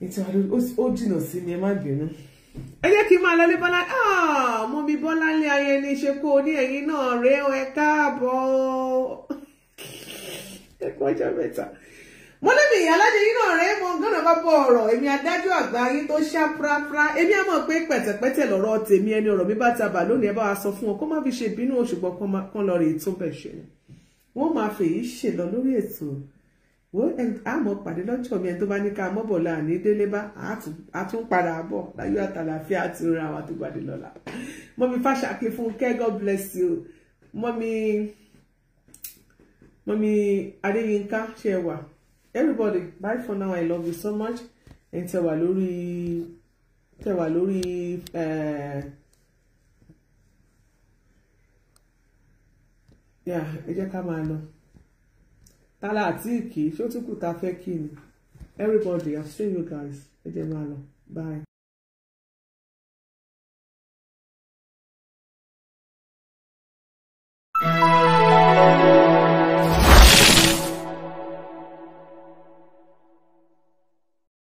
ètò ó jìnnà sí mi ẹ má bínú ẹ jẹ́ kí n máa lọlé bọ́lá ah, mú mi bọ́lá lé ayẹni ṣe kó o ní ẹ̀yìn náà rẹ ẹ káàbọ̀ ẹ kú ọjọ́ mẹ́ta mo lébi ìyálàjẹ yìí náà rẹ mo gánà bá bọ ọ̀rọ̀ èmi adájọ́ àgbà yín tó ṣá prapra èmi á mọ̀ pé pẹ̀tẹ̀pẹ̀tẹ̀ lọ́rọ̀ tèmi ẹni ọ̀rọ̀ mi bá ta bà lónìí ẹ bá wa sọ fún wọn kó má fi ṣe bínú ṣùgbọ́n kán lọ rè é tó bẹ̀ ṣe ni wọ́n máa fèyí ṣèlọ lórí ètò wo àmọ́ pàdé lọ́jọ́ mi ẹni tó bá ní ká mọ́bọ̀ la ní délé bá a tún padà bọ̀ láyọ̀ àtàlàfíà àti orin àwọn àtúgbàdé lọ́la mọ́mi fàṣàkì fúnkẹ́ god bless you mọ́mi mọ́mi adéyínká ṣe wà everybody bye for now i love you so much ẹni tẹ́ wà lórí tẹ́ wà lórí ẹ jẹ́ ká máa lọ tálá àti ìkì ṣó tún kù tá kí ni everybody i'm seeing you guys ẹ jẹ́ máa lọ bye.